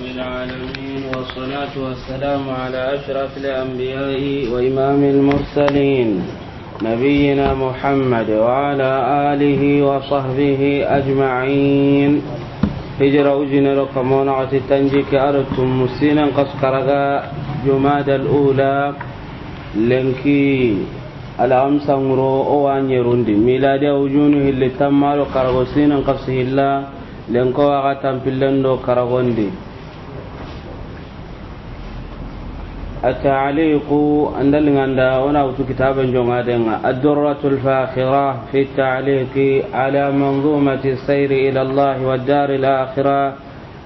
رب العالمين والصلاة والسلام على أشرف الأنبياء وإمام المرسلين نبينا محمد وعلى آله وصحبه أجمعين هجر أجن لكم ونعت التنجيك أردتم مسينا قسقرقا جماد الأولى لنكي الأمس أمرو أوان يرندي ميلاد أوجونه اللي تمارو قرغسين قصه الله lenko waxa في اللندو karagondi التعليق أندل عند ولا كتابا جمادنا الدرة الفاخرة في التعليق على منظومة السير إلى الله والدار الآخرة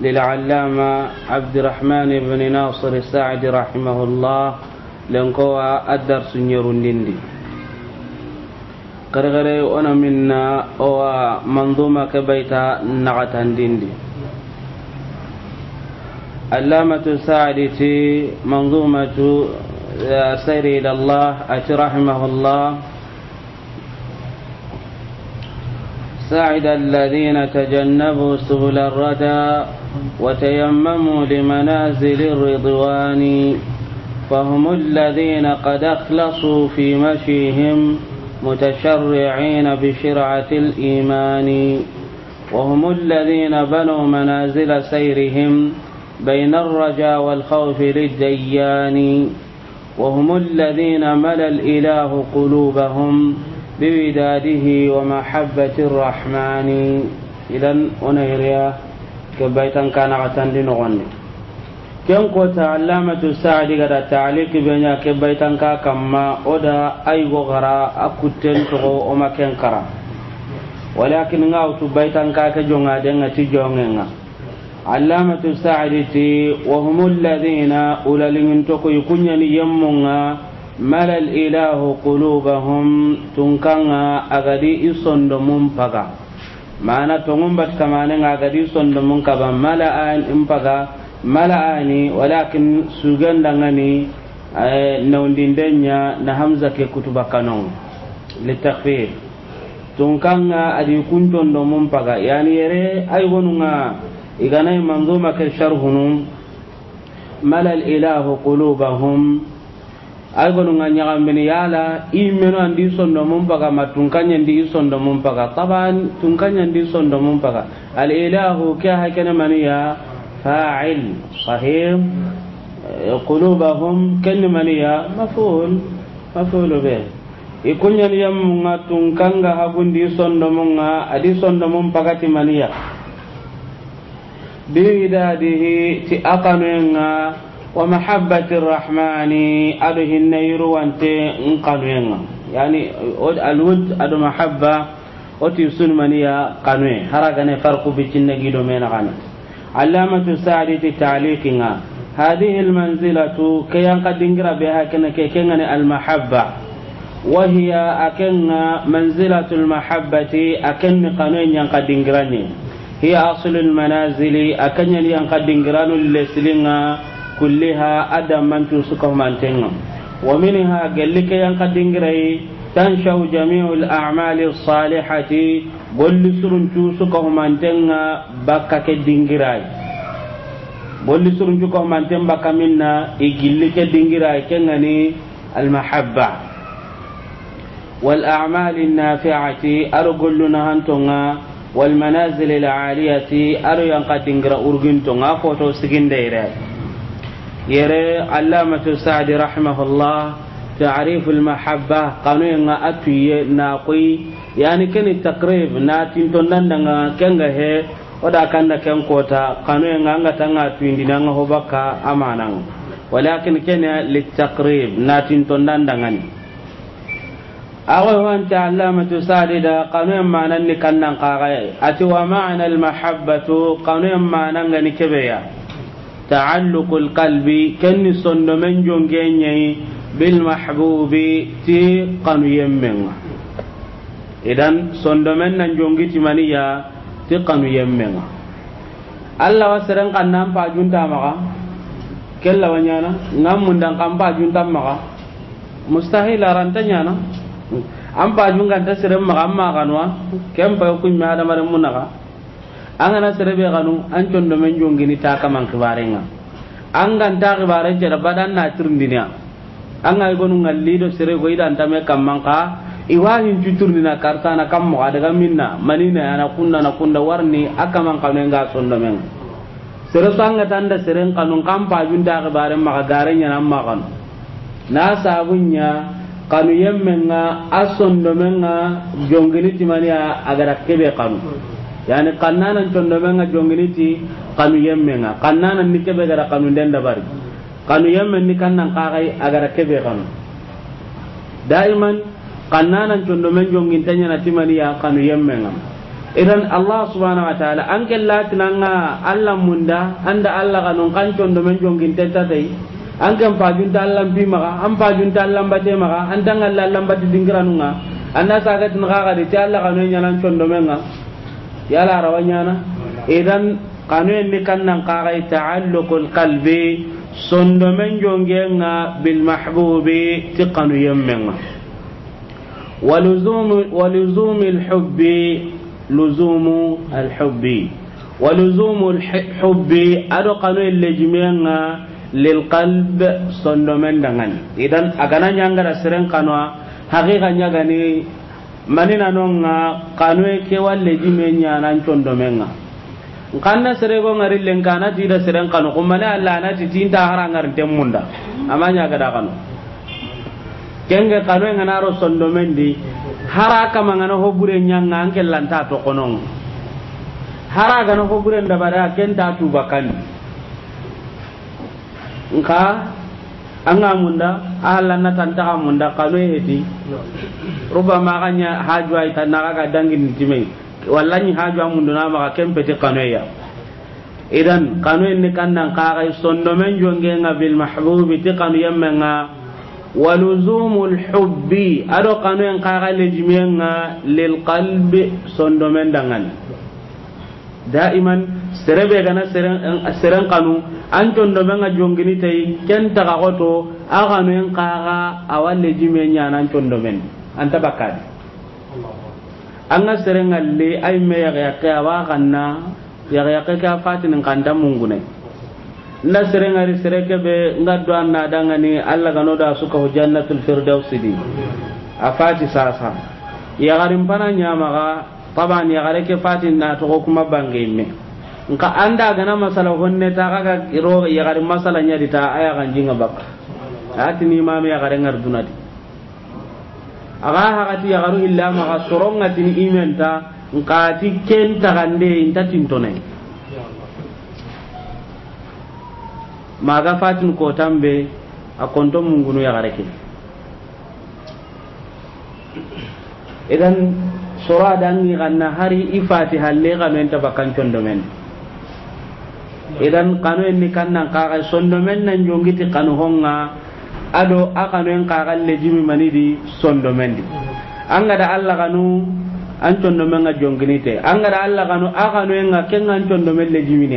للعلامة عبد الرحمن بن ناصر الساعدي رحمه الله لنقوى الدرس نير kargare قرغري minna منا هو منظومة baita naxatan dindi اللامة الثالثة منظومة السير آه، إلى الله أتي رحمه الله سعد الذين تجنبوا سبل الردى وتيمموا لمنازل الرضوان فهم الذين قد اخلصوا في مشيهم متشرعين بشرعة الإيمان وهم الذين بنوا منازل سيرهم بين الرجاء والخوف للديان وهم الذين ملا الإله قلوبهم بوداده ومحبة الرحمن إذا أنيريا كبيتا كان غتندي نغني كم قوت علامة السعد قد تعليق بين كبيتا كما أدا أي غرا أكتن تغو أما كنكرا ولكن غاوت بيتا كاك جونغا دنغا تجونغا علامة السعدي وهم الذين أولى من تقوي كنيا يمونا مل الإله قلوبهم تنكنا أغدي إصندمون فقا معنى تنبت كمان أغدي إصندمون كبا ملأ إمفقا ملأني ولكن سجن لغني نوندين دنيا نهمزة كتبا كنون للتخفير تنكنا أدي كنتون دمون فقا يعني يري أيغنونا إذا منظومة كشرهنم ملا الإله قلوبهم aygonu nga ñagambini yala i meno andi sondo mum paga ma tunkañandi i sondo mum paga taban tunkañandi i sondo mum paga al ilahu ke ha kene maniya fa'il sahih qulubahum kenne maniya maful mafulu be i kuñani yammunga tunkanga hagundi i sondo adi sondo mum pagati maniya بوداده تأقنونا ومحبة الرحمن أده النير وانت انقنونا يعني الود أدو محبة أتي سنمانيا قنوين هرقنا فرق بجنة جدو من غنى علامة سعدي تعليقنا هذه المنزلة كي قد انقرأ بها كنا كي المحبة وهي أكن منزلة المحبة أكن قنوين ينقد إنجراني hiya aslul manazili akanyani an kadingiranu leslinga kulliha adam mancu sukahumantenga wa minha gallike yan kadingirai tanshau jami'u al-a'mali as-salihati golli suruncu sukahumantenga bakka ke dingirai bolli surunju ko manten baka minna igilli ke dingira kengani almahabba wal a'mal an-nafi'ati ar golluna hantonga walma na a zile a aliya sai ado ya qaadatinka a urganta na akwato tsikinta da yare calaamacin sa'ad al-haaba kanu daga agtais na aqboi ya ni kani takirib na a tuntun dandamai kane he da aka kane kane ko ta kanu daga agtais na a tuntun dandamai ake hee ko ta na ake hukunin amana wala kenan ta awa wanta allamatu sadida qanuyen manan ni kannan kaga ati wa ma'ana almahabbatu qanuyen manan ga ni kebeya ta'alluqul qalbi kenni sondo men jongenye bil mahbubi ti qanuyen men idan sondo men nan jongiti Allah wa seren kannan pa junta maka kella wanyana ngam mundan kan junta maka mustahil arantanya na an pajun ganta sere maka an maganwa ken payo kumme hadamaren munaga an gana be ganu an do men jongini ta kaman nga an ta ganta je da badan na dinya an ga li do sere go idan tame man ka iwahin karta na kam moga daga minna manina yana kunna na kunda warni man ka nga sondo men sere so an ga tanda sere kanu pa pajun da kibaren maga garen yana maganu na sabunya kanu yemmenga a sondomenga jonginiti maniya agara kebe kanu yani kannanan jongini jonginiti kanu yemmenga kannana ni kebe gara kanu den dabari kanu yemmen ni kannan kakai agara kebe kanu daiman men jongin tanya na a kanu yemmenga idan allah subhanahu wa ta'ala an kella tinanga allah munda anda allah kanu kan jongin jonginta dai an kan ta allan bi maga an fajunta allan bate maga an tan alla allan bate dingiranunga anna sagatin kaga de ti alla kanu ya la yala rawanyana idan kanu ni kannan kaga ta'alluqul qalbi sondomen jongenga bil mahbubi ti kanu yemmenga ولزوم ولزوم الحب لزوم الحب ولزوم الحب أرقى اللي جميعنا lil qalb sondomen dangan idan agana nyangara seren kanwa haqiqa nyagani manina nonga kanwe ke walle jime nyana condomenga kanna sere go ngari ti da sere kanu kumana alla na titinta harangar munda amanya da kanu kenge kanwe nganaro sondomendi hara kama ngana hobure nyanga anke lanta to konon hara gana hobure ndabara kenta bakani nka anga munda ala na tanta ka munda kanu heti ruba ma kanya haju ay tanaka ka dangin timen wallahi haju amundu na ma kempe ti kanu ya idan kanu ni kannan ka ga sondo men jonge nga bil mahbubi ti kanu yamma nga waluzumul hubbi ado kanu en ka ga le jimenga lil qalbi sondo men dangan da'iman سربي غنا سرن سرن kanu an ton do menga jongini tay ken taga goto aga no en kaga awalle jime nya nan ton do men anta bakadi anga serenga le ay me ya ya ka wa ganna ya ya ka ka fatin kan da mungune na serenga ri sereke be ngaddo anna danga ni alla gano da suka hu jannatul firdausi di afati sasa ya garin pana nya maga taban ya gare ke fatin na to kuma bange me nka anda gana masala honne ta kaga iro ya gare masala nya di ta aya kan jinga bak ati ni mame ya gare ngar dunadi aga hakati ya garu illa ma gasoronga tin imenta nka ti ken ta gande inta tintone maga fatin ko be a konton mungunu ya garake idan sura yi ganna hari i fatiha le gamen ta bakan condo men idan kanu en ni kannan kaga sondo men nan jongiti kanu honga ado akanu en kaga le jimi manidi son men di anga da Allah kanu an condo men ga jongini te anga da Allah kanu akanu en ga kengan condo men le jimi ne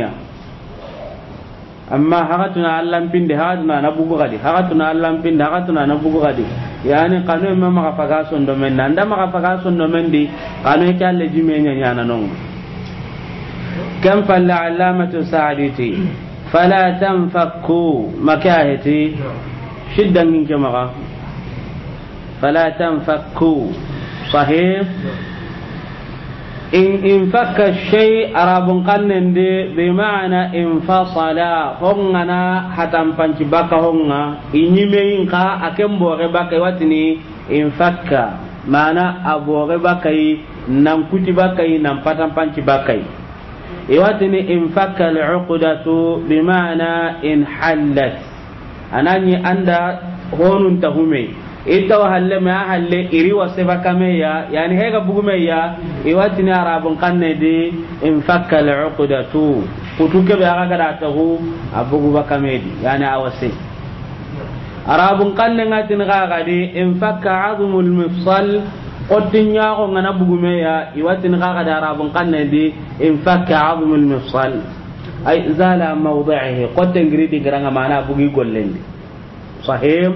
amma hakatuna Allah pinde hakatuna na bugu gadi hagatuna Allah pinde hagatuna na bugu gadi yani kanu ma maka faga sondo men nan da maka faga sondo men di kanu ke alle jime nya nyana non kam falla alamatu sa'aditi fala tanfaku makahiti shiddan ke maka fala tanfaku sahih in infakka shay arabun kannende be ma'ana infasala hongana hatampanci baka honga inyime inka aken bore baka watini infakka mana abore baka yi nan kuti baka yi nan patampanci baka yi iwatini infakka al'uqdatu bi ma'ana in hallat anani anda honun tahume wa halle ma halle iri wa seba kame ya yani hega bugume ya ni arabun kanne di in fakka al'uqdatu kutu ga da gada hu abugu bakame di yani awase arabun kanne ni ga di in fakka azmul mifsal qottin go ngana bugume ya ni ga da arabun kanne di in fakka azmul mifsal ay zala mawdihi qotten gridi garanga mana bugi gollendi Fa'iheem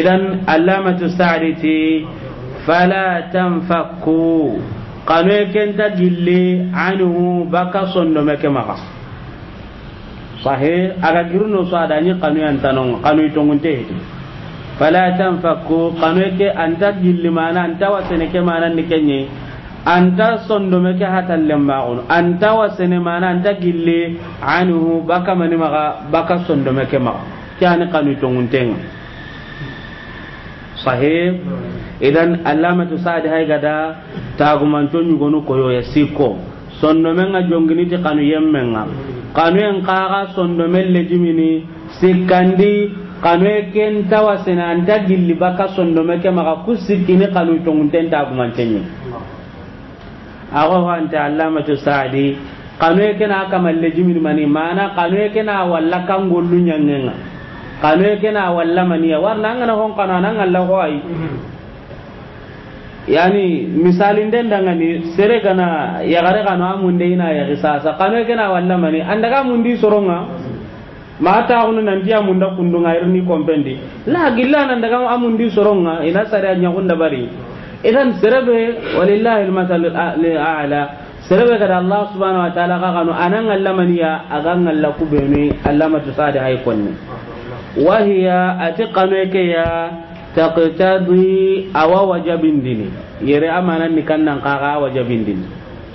idan alaamaa saɛdii falaataa fagoo qanooyin kee taajilli caanii hoo bakka baka kamaa haa fa'iheem akka jiruu nuusaadhaanis qanu yaa taa naamu qanu tungu ta'ee falaataa fagoo qanu an taajilli maanaa an taawasaane maanaa ni kenyee an taasondame ka hati alyan maangu an taawasaane maanaa an taajilli caani mani maa bakka sondame ka maqa. kyani kanu tonguntenga sahih idan alamatu sa'd hay gada tagumanto nyugonu koyo ya siko sondo menga jongini ti kanu yemmenga kanu en kaga sondo melle jimini sikandi kanu ken tawasina anta gilli baka sondo meke maka kusikini kanu tongunten tagumantenye ago hanta alamatu Saadi kanu ken aka malle jimini mani mana kanu ken walla kangollu nyangenga kanu na walla maniya warna ngana hon kana na ngalla ko ai yani misali den daga ni sere gana ya gare kanu amun de ina ya risasa kanu na walla mani anda ga mun di soronga ma ta hunu nan dia mun da kundunga irni kompendi la gilla nan daga amun di soronga ina sare nya kunda bari idan sirabe walillahi almasal ala serebe kada allah subhanahu wa ta'ala ka kanu anan allamaniya agan allaku bene allama tusadi hay konni wahiya ati kanoy keya taqtadi awa wajabindini yere amana ni kannan kaga wajabindini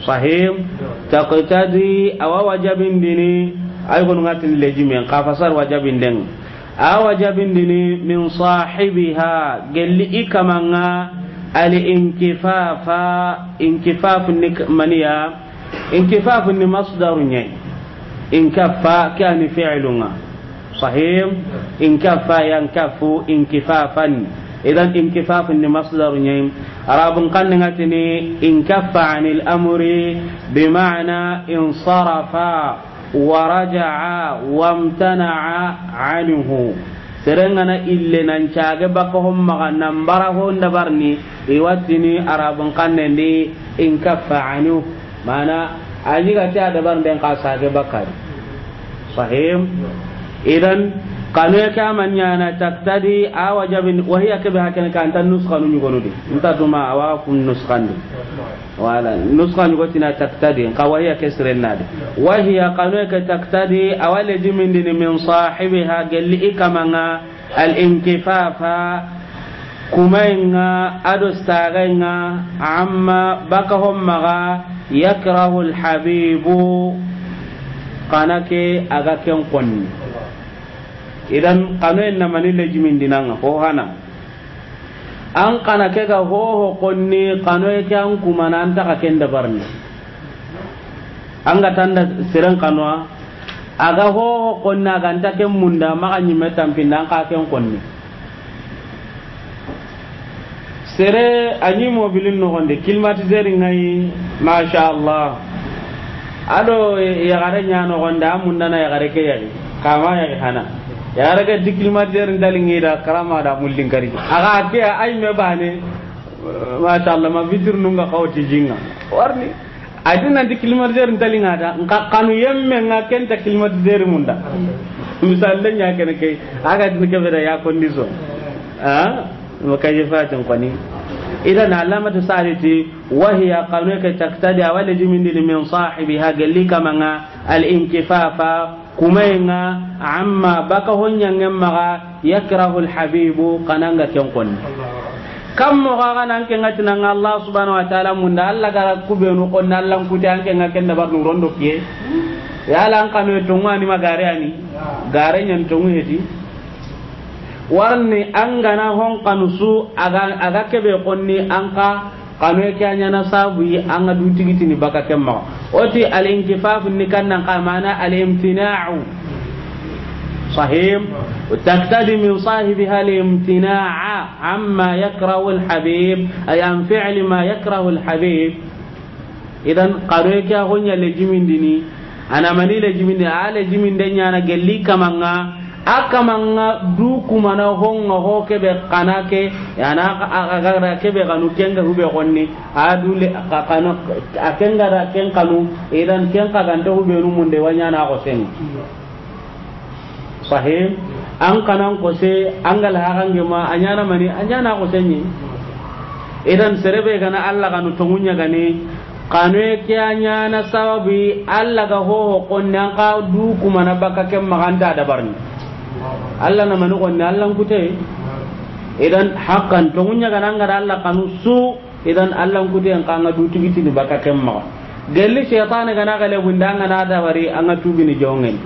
sahim taqtadi awa wajabindini ay gon ngatin lejimen ka fasar wajabinden awa wajabindini min sahibiha gelli ikamanga al inkifafa inkifafu ni maniya inkifafu ni masdaru nyai inkaffa kani fi'lunga fahim in kaffa yankafu inkifafan idan in inkifafun ni masdar nyaim arabun kannga tini in kaffa anil amri ma'ana in sarafa wa raja'a wa amtana'a anhu serengana ille nan caage bakka hommaga nan bara ho ndabarni iwattini arabun kanne ndi in kaffa anu mana ajiga ta dabar den ka saage bakkari sahim idan kanue ke amanyana taktadi a wajabin wahiya kebe hakan ka anta nuskanu ñugonudi ntatuma awa kun nuskandi wala nuska ñugotina taktadi nka wahiya ke sirennade wahiya kanue ka taktadi awa lejimindini min sahibiha gelli i kamanga al inkifafa kumainga ado stagenga amma baka hommaga yakrahu alhabibu kana ke aga ken konni idan kanu en namani lejimin dinanga ho hana an kana ke ga hoho konni kano e ke an kuma na an taka ken dabar ne an ga tanda siren a aga hoho konni aga ta ken munda maka nyime tampin an ka ken konni sere anyi mobilin no gonde climatiseur ngai masha Allah ado e, e ya gare nya no gonde amunda na ya gare ke ya kama ya hana Ya raga yaraga diklimateur ndalinge da karama da mullin kari aga ke ay me bane sha Allah ma bitir nunga kawti jinga warni adina diklimateur ndalinga da nka kanu yemme nga kenta klimateur munda misalle nya ken ke aga tin ke beda ya condition ha je fatin kwani idan alamatu saliti wa hiya qanuka taqtadi awalaji min min sahibiha galika manga al inkifafa kumainga amma baka honyangen maga yakrahul habibu kananga ken kam mo gaga nan ke ngati nan Allah subhanahu wa ta'ala mun da Allah gara kubenu konni Allah kuti an ken ngaken da barnu rondo kiye ya lan kanu to ni magare ani gare nyen to ngeti warni an gana hon kanu su aga ke be konni an ka kanu ke anya na sabu yi an ga giti ni baka kemma oti al inkifafu ni kannan ka mana al imtina'u sahim تقتدي من صاحبها الامتناع عما يكره الحبيب أي عن فعل ما يكره الحبيب إذا قالوا يا هون لجمين ديني أنا ماني لجمين دي آه لجمين دي أنا قال لي manga du na honga ho kebe kana ke yana ke kebe kanu kenga hube gonni adule a akenga da ken kanu idan ken kaganta hube nu munde wanya na ko sen sahih an kanan ko se an gal hakange ma anyana mani anyana ko ni idan serebe kana alla kanu tongunya gani kanue ke a ñana sababi allah ga hoho qonne an ka du na baka ken da barni allah na manu gonni allah kute idan hakan to munya ga nan ga allah kanu su idan allah kute an kan dutu biti ni baka kemma gelli shaytan ga na gale bunda an na da bari an ga tubi ni jongen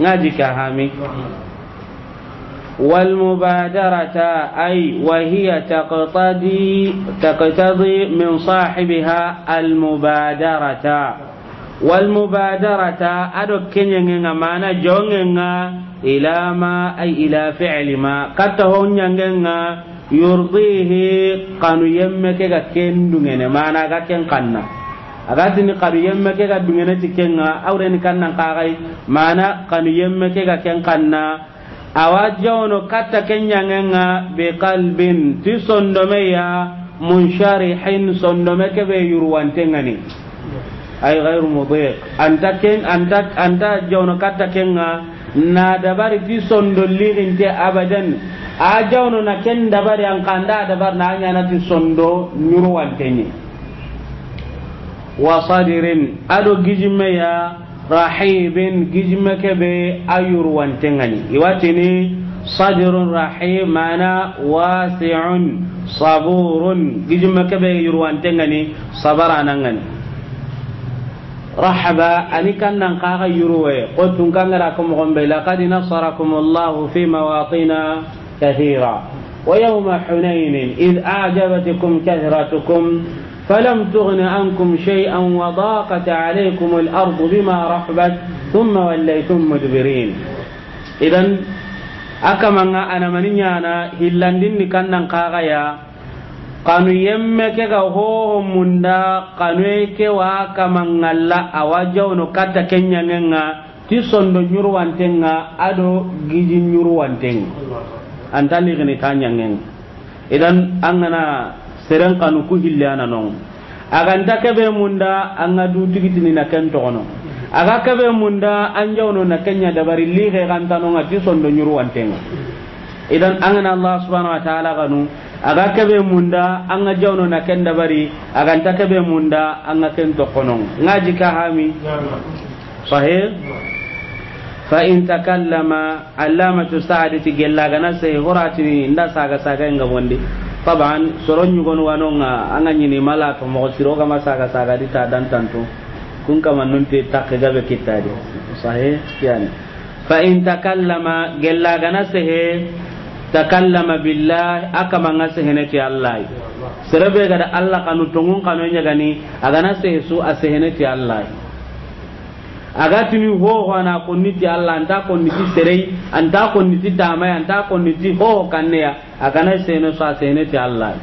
ngaji ka hami والمبادرة أي وهي تقتضي تقتضي من صاحبها المبادرة والمبادرة أدو كنين ما أنا جونين ila ma ay ila fi'li ma katta hon nyangenga yurdihi kanu yemme ke ga kendungene mana ga ken kanna agati ni kanu yemme ke dungene tikenga awre ni kanna kagai mana kanu yemme ke ga kanna awa jawno katta ken nyangenga bi qalbin ti sondomeya munsharihin sondome ke be yurwantengani ay ghairu mudiq anta ken anta anta katta kenga na dabar fi son sondolli inte abadan a jawno na ken dabar an kanda dabar na anya ti sondo nyuru wantenye wa sadirin ado gijime ya rahibin gijime kebe ayuru wantengani ni sadirun rahim mana wasi'un saburun gijime be yuru wantengani sabara nangani رحبا أني كان نقا يروي قلت كان لكم غنبي لقد نصركم الله في مواطن كثيرة ويوم حنين إذ أعجبتكم كثرتكم فلم تغن عنكم شيئا وضاقت عليكم الأرض بما رحبت ثم وليتم مدبرين إذا أكما أنا من يانا هلا كان نقا kanu yemme ke ga hoho munda kanu e ke wa kamangalla kata kenya kenyangenga ti sondo nyurwantenga ado giji nyurwantenga antali tanya kanyangenga idan angana seren kanu ku non aga ndake be munda anga dutigitini na kentogono aga kebe munda anjawno na kenya dabari lihe gantanonga ti sondo nyurwantenga idan angana allah subhanahu wa ta'ala kanu aga kebe munda anga jawno na kenda bari. aga ta kebe munda anga ken to konon ngaji ka hami sahih fa in takallama allamatu sa'adati gella gana sai horati nda saga saga nga bonde taban soron nyu no wanonga anga nyini mala to mo siro ga masaga saga dita dan tantu kun kama nun te takke be kitari sahih yani fa in takallama gella gana sai takallama billahi akama nga seheneti allah serebe gada allah kanu tongun kanu nyagani agana sehesu a seheneti allah agatini hoho ana konniti allah anta konniti serei anta konniti tamai anta konniti hoho kanneya agana sehene so a seheneti allah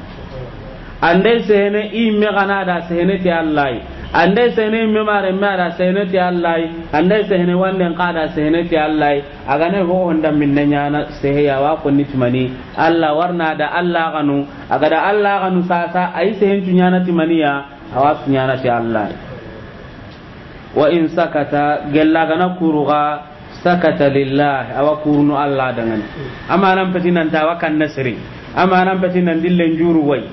andai sehene imme gana da seheneti allah andai sene me mare me ada sene ti allai andai sene wande qada sene ti allai aga ne ho honda min nanya na sehe ya wa ko nitmani alla warna da alla ganu aga da ganu sa sa ai sehen tunya na ya awas tunya na ti allai wa in sakata gella gana kuruga sakata lillah awa kurunu alla dangan amanan petinan tawakan nasri amanan petinan dillen juru wai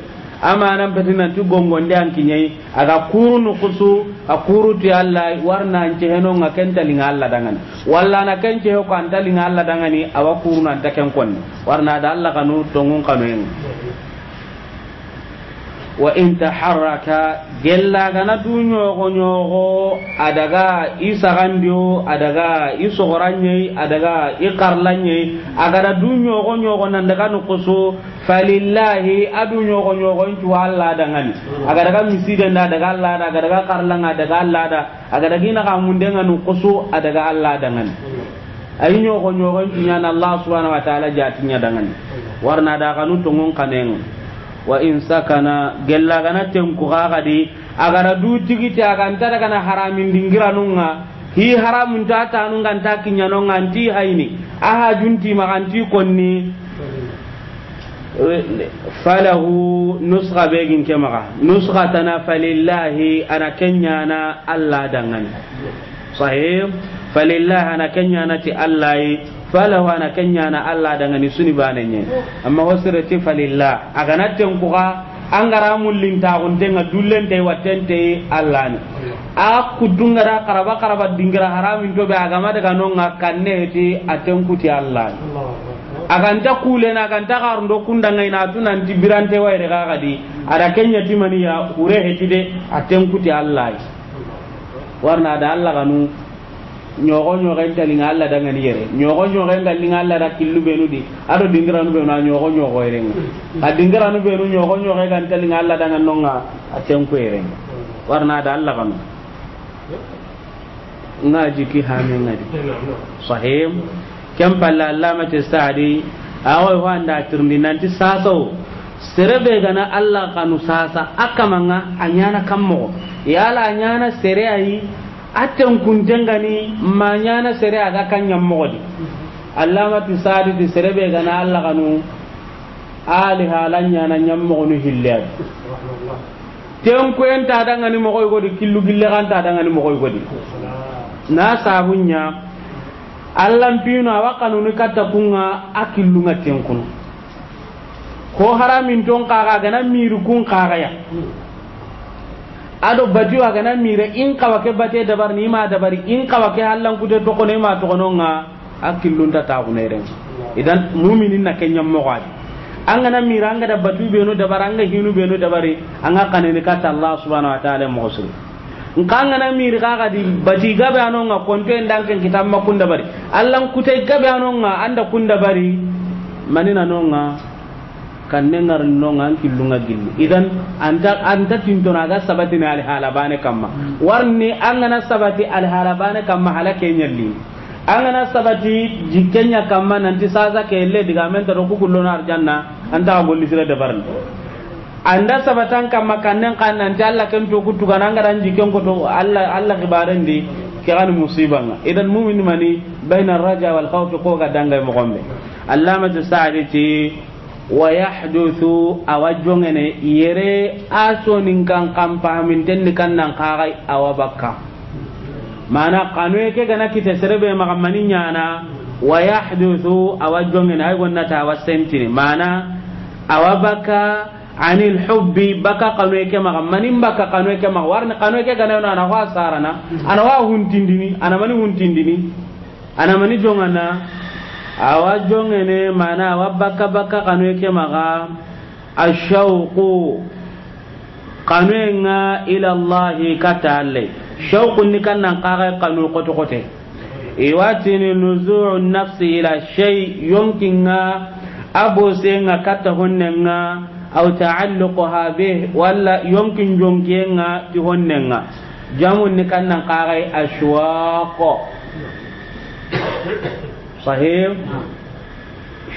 amanan tu gongon de an kinyai aga kurunu kusu a kuruti allah warna an cehenonga linga allah dangani walla na ken cehe ko antalinga allah dangani awa kurunu anta ken konni warna da allah kanu tongun kanu wa in taharraka gella gana du nyogo nyogo adaga isagandio adaga goranye adaga iqarlanye agara du nyogo nyogo nan daga kusu falillahi adu nyogo nyogo intu alla dangani agada ga misida nda daga alla da agada ga qarlanga daga alla da agara gina ga mundenga nukusu adaga alla dangani ayi nyogo nyogo intu nyana allah subhanahu wa ta'ala jatinya dangani warna daga nu tungun kaneng wa in sakana gella gana tem ku kaga di agara du tigiti aga daga na haramin dingiranunga hi haramun ta ta nun kan ta kinyanonga ti haini aha junti maganti konni eh, falahu nusra begin ke maga nusra tana falillahi ana kenya na Allah dangane sahih falillahi ana kenya na ti Allah fala wana kenya na Allah daga ni suni bane nye amma wasira ti falilla aga na ten an gara mullin ta gun nga ga dullen te watten te Allah ne a kudunga da karaba karaba dingira haramin to be aga ma daga non ga kanne ti aten kuti Allah ne aga nta kule na kan nta garu ndo kunda ngai na tuna ndi birante wa ga di ada kenya timani ya ure de aten kuti Allah warna da Allah ganu ñogo ñogen talinga alla dangani yere ñogo ñogen gallinga alla da killu benu di ado dingiranu benu a ñogo ñogo yerenga a dingiranu benu ñogo ñoge gan talinga alla dangan nonga a tenku yerenga warna da alla kanu nga jiki hamenga di sahim kem palla allamati saadi awoy ho anda tirndi nanti sasa o serebe gana alla kanu sasa akamanga a ñana kammogo yala a ñana sere ayi atten kuntengani na sere aga kanñammogodi di sere be gana allah kanu ali hala ñana ñammogonu hilleadi ten kuen tadangani mogoy godi killu gille kan tadangani mogoy godi na sabunña pinu awa kanuni katta kunga a killunga ten ko haramin ton kaga gana miiri kun ya ado batu aga nan mire in kawa ke bate dabar ni ma dabari in kawa ke hallan kute to kono ma to kono nga akillun ta ta ne ren. idan mu'minin na kenya mo ga an ga nan mira an ga batu be no dabar an ga hinu be no dabari an ga kanene ka ta Allah subhanahu wa ta'ala mo usul in ka an ga mira ka ga di bati be anon nga konto en dan ken kitam ma kun dabari allan kute be anon nga anda kun dabari manina non nga kanne ngar nonga an killunga gilli idan anta anta tintona aga sabati na al halabane kamma warni angana sabati al halabane kamma halake nyalli angana sabati jikenya kamma nanti saza kelle diga men to ku nar janna anta golli sira de barn anda sabatan kamma kannen kan nan jalla kan to ku tugana ngaran jiken ko to alla alla kibaren di kiran musibanga idan mu'min mani baina raja wal khawf ko ga dangay mo gombe allama sa'adi ti wa yahduthu awajongene yere asonin kan kan pahaminten ni kan nan kagai awa bakka mana kanwe ke gana kite serebe magamani nyana wa yahduthu awajongene ay gonna ta wasentini mana awa bakka ani hubbi baka kanwe ke magamani baka kanwe ke mag warni kanue ke gana na wa sarana ana wa huntindini ana mani huntindini ana mani jongana awa jongene mana awa baka baka kanwe ke maga ashauqu kanu nga ila allahi katalle shauqu ni kanna kare kanu kote qote ni nuzu'u nafsi ila shay yonkinga abose nga katta honne nga taalluqu habe wala yonki njonki nga ti honne nga jamun ni kanna qaga ashwaqo sahih ah.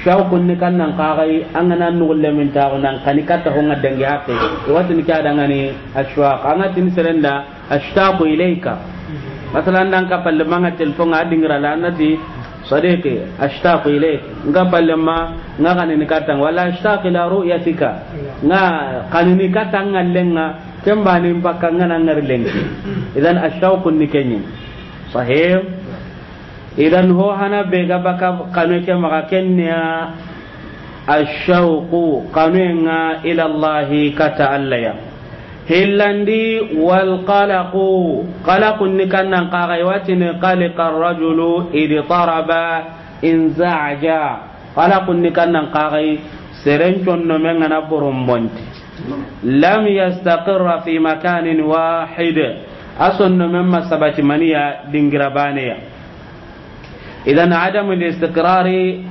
shawkun ni kan nan kagai an ga nan nugulle min ta nan kani ka ta honga dangi hakke wasu ni kada ngani ashwaq an atin serenda ashtaqu ilayka mm-hmm. masalan nan ka palle manga telefon ga dingira la nati sadiqi ashtaqu ilayk nga palle ma nga kani ni katang wala ya la ru'yatika mm-hmm. nga kani ni katang ngallenga kembani pakka ngana ngarlenki mm-hmm. idan ashawkun ni kenyi sahih idan ho hana be ga baka kanu ke maka kenya ashauqu kanu nga ila allah ka ta'allaya hillandi wal qalaqu qalaqu ni kannan qaga watini qalaqa rajulu id taraba in zaaja qalaqu ni kannan qaga seren conno menga na borombonti lam yastaqirra fi makanin wahid asonno memma masabati maniya dingira idan adam al-istiqrari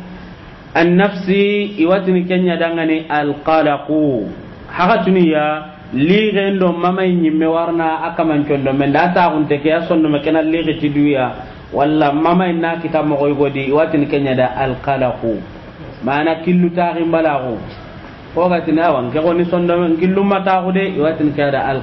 an-nafsi iwatni kenya dangane al-qalaqu haka tuniya ligen do mamay nyimme warna akaman condo men da ta hunte ke sonno me kenal ligi tiduya walla mamay na kita mo goy godi watin kenya da al qalaqu mana killu taxin balaxu awa nke ke goni sondo men killu mataxu de watin kenya da al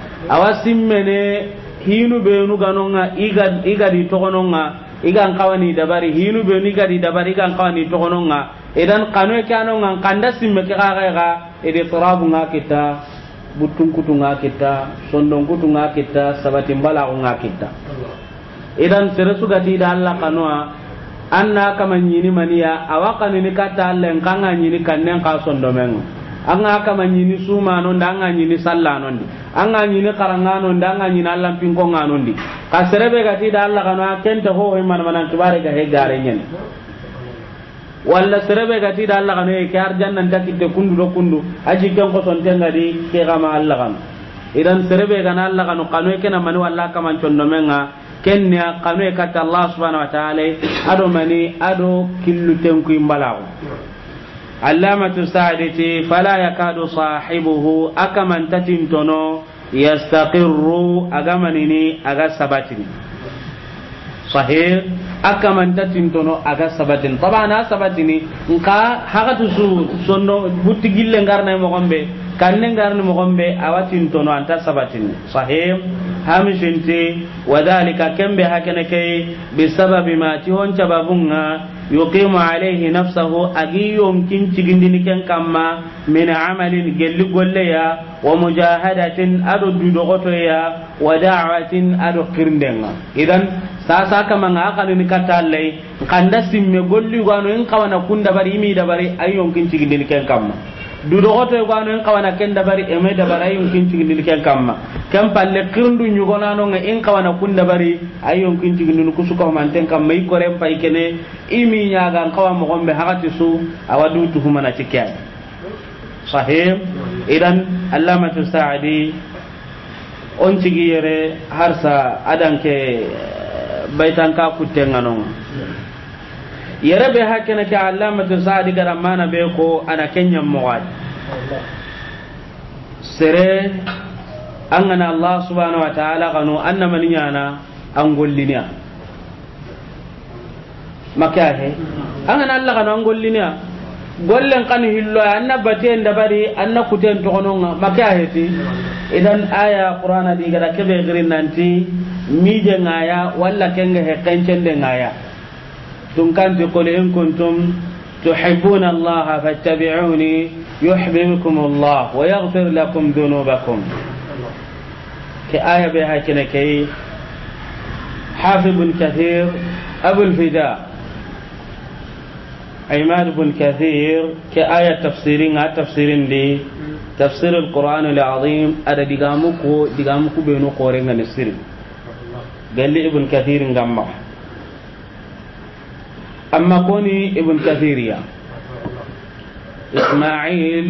awa simmene hinu benu ganonga iga iga di togononga iga kawani dabari hinu benu iga di dabari iga kawani togononga idan kanu ke anonga kanda simme ke kaga ga ede turabu nga kita butun kutu nga kita sondong kutu nga kita sabati mbala nga kita idan sere suga ti da Allah kanwa anna kama nyini maniya awa ni kata Allah kanga nyini kannen ka sondomenga anga kama nyini suma anga nyini salla non di anga nyini karanga non da anga nyini allan pinko non di ka serebe ga ti da alla kenta ho he man ga he gare nyen walla serebe ga ti da alla kana e kar kitte kundu do kundu aji ken ko tenga di ke gama alla kana idan serebe ga na alla kanu e na mani walla kama chondo menga kenya kanu e katta allah subhanahu wa ta'ala ado mani ado killu tenku imbalago allamatu saditi fala yakadu sahibuhu akamantatin tono yastaqirru agamanini aga sabatini sahih akamantatin tono aga sabatini tabana sabatini nka hagatu su sondo butigille ngarna mo gombe kanne ngarni mo gombe awatin tono anta sabatini sahih hamishinti wadhalika kembe hakene kay bisababi ma tihon cababunga yuqimu alayhi nafsahu agi yonkin cigindini ken kamma min amalin gelli golleya wa mujahadatin ado dudogotoya wa da'watin ado kirndenga idan sasa kama nga akalini katallai kanda simme golli gano in kawana kun dabari imi dabari ay yonkin cigindini ken kamma dudoxotoy goano in kawana ken dabari eme dabari a yonkin cigindini ken kamma ken palle kirndu ñugonanonga in kawana kun dabari a yonkin cigindini kusukahumanten kamma i kore pay kene nya mi ñaga n xawa moxonɓe haxati su awadu du tuhumana cikke ay sahim idan tu saadi on cigi yere har sa adanke baytanka kuttenganonga bai haka na ke allamatu sadi gara mana bai ko ana kenyan mogadi sere an gana allah subhanahu wa ta'ala kanu anna man yana an gollinya maka he an gana allah kanu an gollinya gollen kan hillo anna baten dabari anna kuten tokononga maka he ti idan aya qur'ana digara kebe girin nanti mije ngaya walla kenga he kencende ngaya دونكان تقول إن كنتم تحبون الله فاتبعوني يحببكم الله ويغفر لكم ذنوبكم كآية بها كنكي حافظ بن كثير أبو الفداء عماد بن كثير كآية تفسيرين آية تفسيرين لي تفسير القرآن العظيم أدا ديغاموكو دقاموكو بينو قورينا نسير قال لي ابن كثير قمح أما كوني ابن كثير يا إسماعيل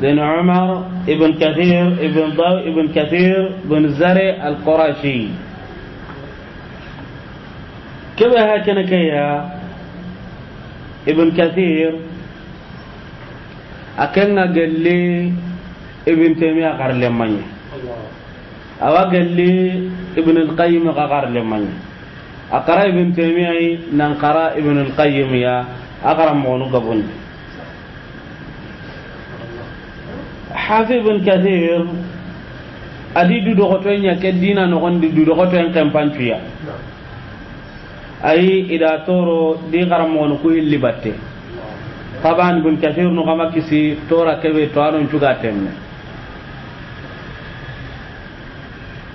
بن عمر ابن كثير ابن ضو ابن كثير بن زري القرشي كيف هكذا كيا ابن كثير أكن قال لي ابن تيمية قرر لمني أو قال لي ابن القيم قر لمني akara ibn taymiya nan qara ibn al qayyim ya akara monu gabon hafiz ibn kathir adi du dogoto nya ke dina no gondi du dogoto en kampantu ya ay ida toro di garam monu ku illi batte taban ibn kathir no kama kisi tora kebe to anon cuga temme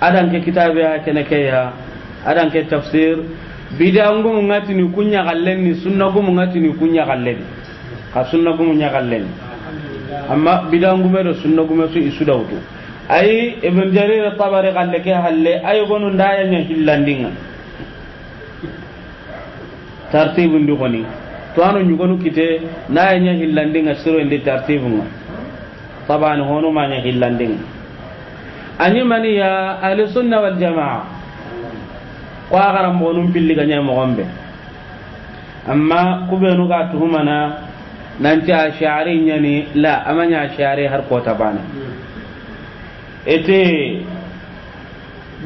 adan ke kitabe ha keneke ya adan ke tafsir bidangu mu ngati ni kunya gallen ni sunna gu mu ngati ni kunya gallen ka sunna gu mu nya gallen amma bidangu me do sunna gume su isu dawtu ay ibn jarir tabari galle ke halle ay gonu ndaya nya hillandinga tartibu ndi goni to anu nyugonu kite ndaya nya hillandinga siro ndi tartibu nga taban honu ma nya hillandinga anyi maniya ahli sunna wal jamaa ko agaran bonum pilli ganya mo amma kubenu ga tuhumana nan ta shari nyani la amanya shari har ko ta bana ete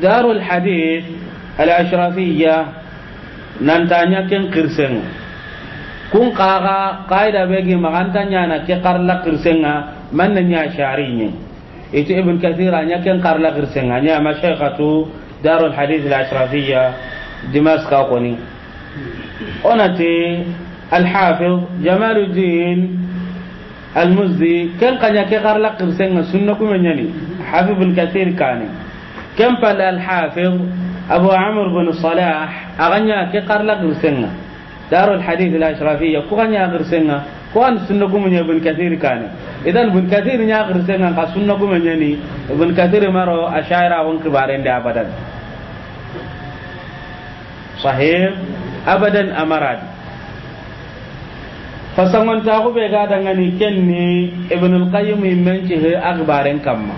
darul hadith al ashrafiyya nanta ta nyaken kirsen kun kaga qaida bege maganta nyana ke karla kirsenga man nya shari nyi ete ibn kathira nyaken karla kirsenga nya mashaykatu دار الحديث الأشرفية دمشق أقوني أنتي الحافظ جمال الدين المزي كان قد يكغر لقب سنة سنة من يلي حافظ الكثير كان كم قال الحافظ أبو عمرو بن صلاح أغنى كقر لقب سنة دار الحديث الأشرفية كغنى غر سنة ko an sunna gumunye ibn kathir kani idan ibn kathir nya akhir sengan ka sunna gumunye ni ibn kathir maro ashaira wong kibaren da abadan sahih abadan amarad fasangon ta ko be ga ni kenni ibn al-qayyim men ci he akhbaren kamma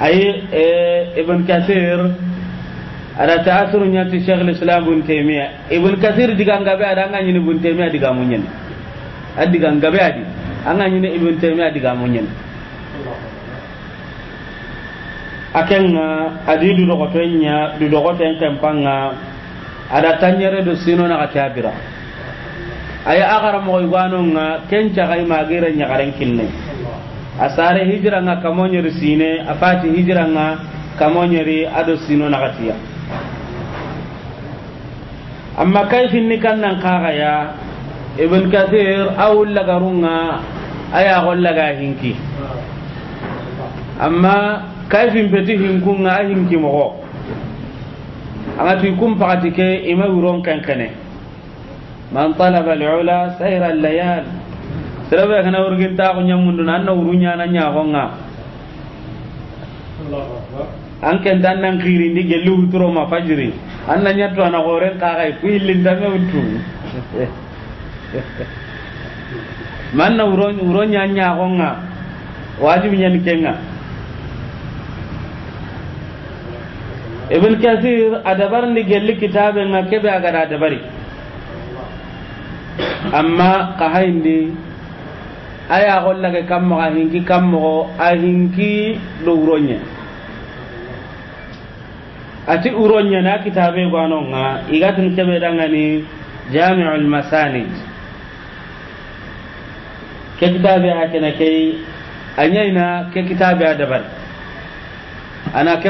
ay e, ibn kathir ada ta'asuru nyati Syekh Islam Ibn Taimiyah Ibn Kathir diganggabe ada ngani Ibn Taimiyah digamunyen adiga ngabe adi anga nyine ibn taymiya adiga munyen akenga uh, adi du tenya du ten kempanga ada tanyere do sino na katabira aya agara mo nga kenca kai magira nyagaren kinne asare hijra nga kamonyeri sine afati hijra nga kamonyeri ado sino na katiya amma kaifin kaga ya ibn kathir awul lagarunga aya laga hinki amma kayfin beti hinkunga a hinki mogo agati kun pakati ke ima wiron kenkene man talaba alula sayra allayal serebe kana wurgintaku ñamunduna an na wuru ñana ñagonga an kenta an nan xirindi gelli wuturoma fajiri an na ñattu ana xoren kaxay ku yillintame wuttu man na uro uro nya nya gonga wajibi kenga ibn kasir adabar ni gelli kitabe na kebe aga adabari amma ka aya golla ke kammo a hinki kammo a hinki do wuro nya ati uronya na kitabe gwanonga igatun kebe dangani jami'ul masanid ke kitabe ha kana kai anyaina ke kitabe ha dabar ana ke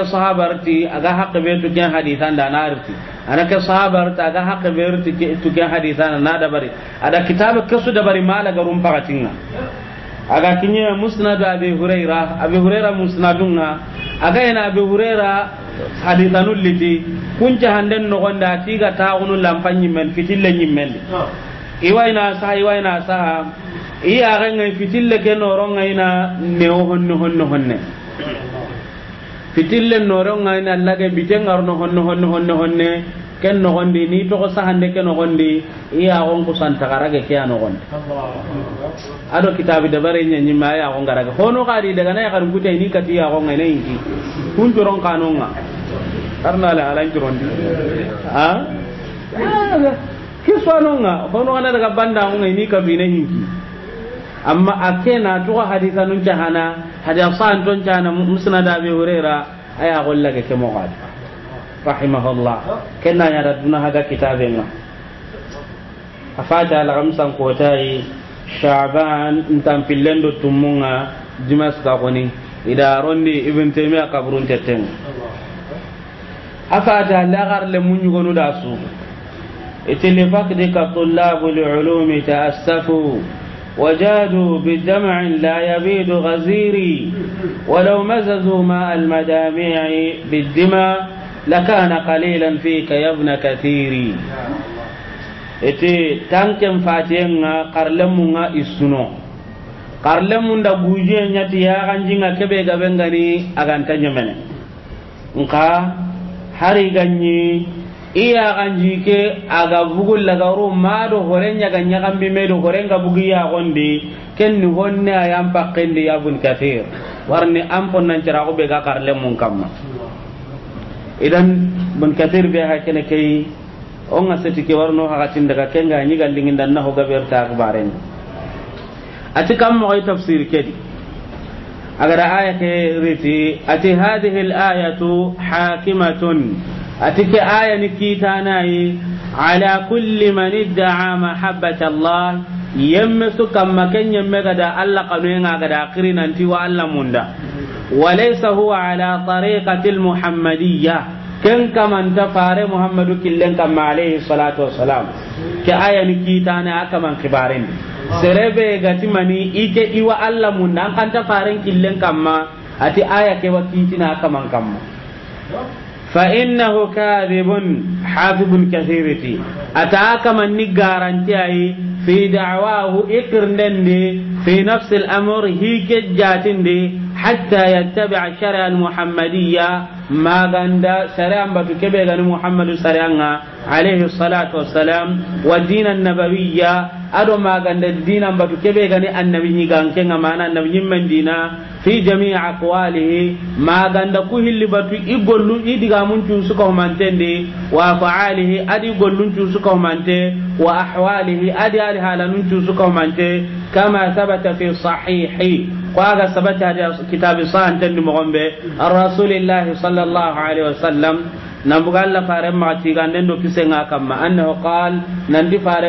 ti aga haqqe be to ken hadithan da na arti ana ke ta aga haqqe be to ken hadithan na dabari ada kitabe ke su dabari mala garum pagatinga aga kinye musnad abi huraira abi huraira musnadunga aga ina abi huraira hadithanul liti kunja handen no gonda tiga taunu lampanyi men fitille nyimmel oh. iwa ina saha iwa ina saha iya ga ngai fitille ke noro ngai na ne honno honno honne fitille noro ngai na lage biten no honno honno honne honne ken no gondi ni to ko sahande ken no gondi iya gon ko santa garage ke no gondi ado kitabi da bare nyanyi ma ya gon garage hono gari daga nay garu kutai ni kati ah, ya gon ngai nay ki kun joron kanonga karna la ala joron di ha kiswanonga hono ana daga banda ngai ni kabine hinki amma ake na tuwa hadisa nun cahana hadisa san ton cahana musna da be hurera aya golla ke kemo gadi rahimahullah kenna ya da duna haga kitabe na afata la ko kotai shaban ntan fillendo tumunga jumas ta koni ida ronni ibn taymiya kabrun tetten afata lagar le munyugonu da su itile de ka tullabul ulumi ta'assafu وجادوا بدمع لا يبيد غزيري ولو مززوا ماء المجاميع بالدماء لكان قليلا فيك يا ابن كثيري ete tanken fatiyen nga karlemu nga isuno karlemu da guje nyati ya kanji nga kebe gabe ngani aganta nka hari ganyi iya ganji ke aga bugul laga ro ma do hore nyaga nyaga mi me do hore nga bugi ya gondi ken ni honne ayam pakende ya bun kafir warni ampon nan cara ko be ga karle mun kama. idan bun kafir be ha kene kay on ga seti ke warno ha gatin daga ken ga nyiga lingin dan na ho ga ber ta akbaren ati kam mo ay tafsir kedi agara aya ke riti ati hadhihi al ayatu hakimatun أتك آية نكيتاناي على كل من ادعى محبة الله يمس كما كن يمك دا الله قنوين غدا قرين أنت ken ta fare muhammadu killen kamma alayhi salatu wassalam ke ayani aka man kibarin serebe gati mani ike iwa allah mun nan faren killen kamma ati aya ke wa kitina kamma فإنه كاذب حافظ كثير تي أتاكم النجارانتي في دعواه إكرندي في نفس الأمر هي كجاتندي حتى يتبع شرع المحمدية ما غندا سريان بتكبه محمد سريان عليه الصلاة والسلام والدين النبوية ado maganda diinan batu kebe gani annabi nyigaan kenga ngamana annabi nyimmen dina fi jami' aqwalihi maganda ku hilli batu i idiga mun cun suka humantende wa fa'alihi adi gollun cun suka humante wa ahwalihi adi ali halanun cun suka humante kama thabata fi sahihi qaga sabata kitab sahan ndi mo gombe ar-rasulillahi sallallahu alaihi wasallam nambuga Allah fare ma tiganden do kisenga kamma annahu qal nandi fare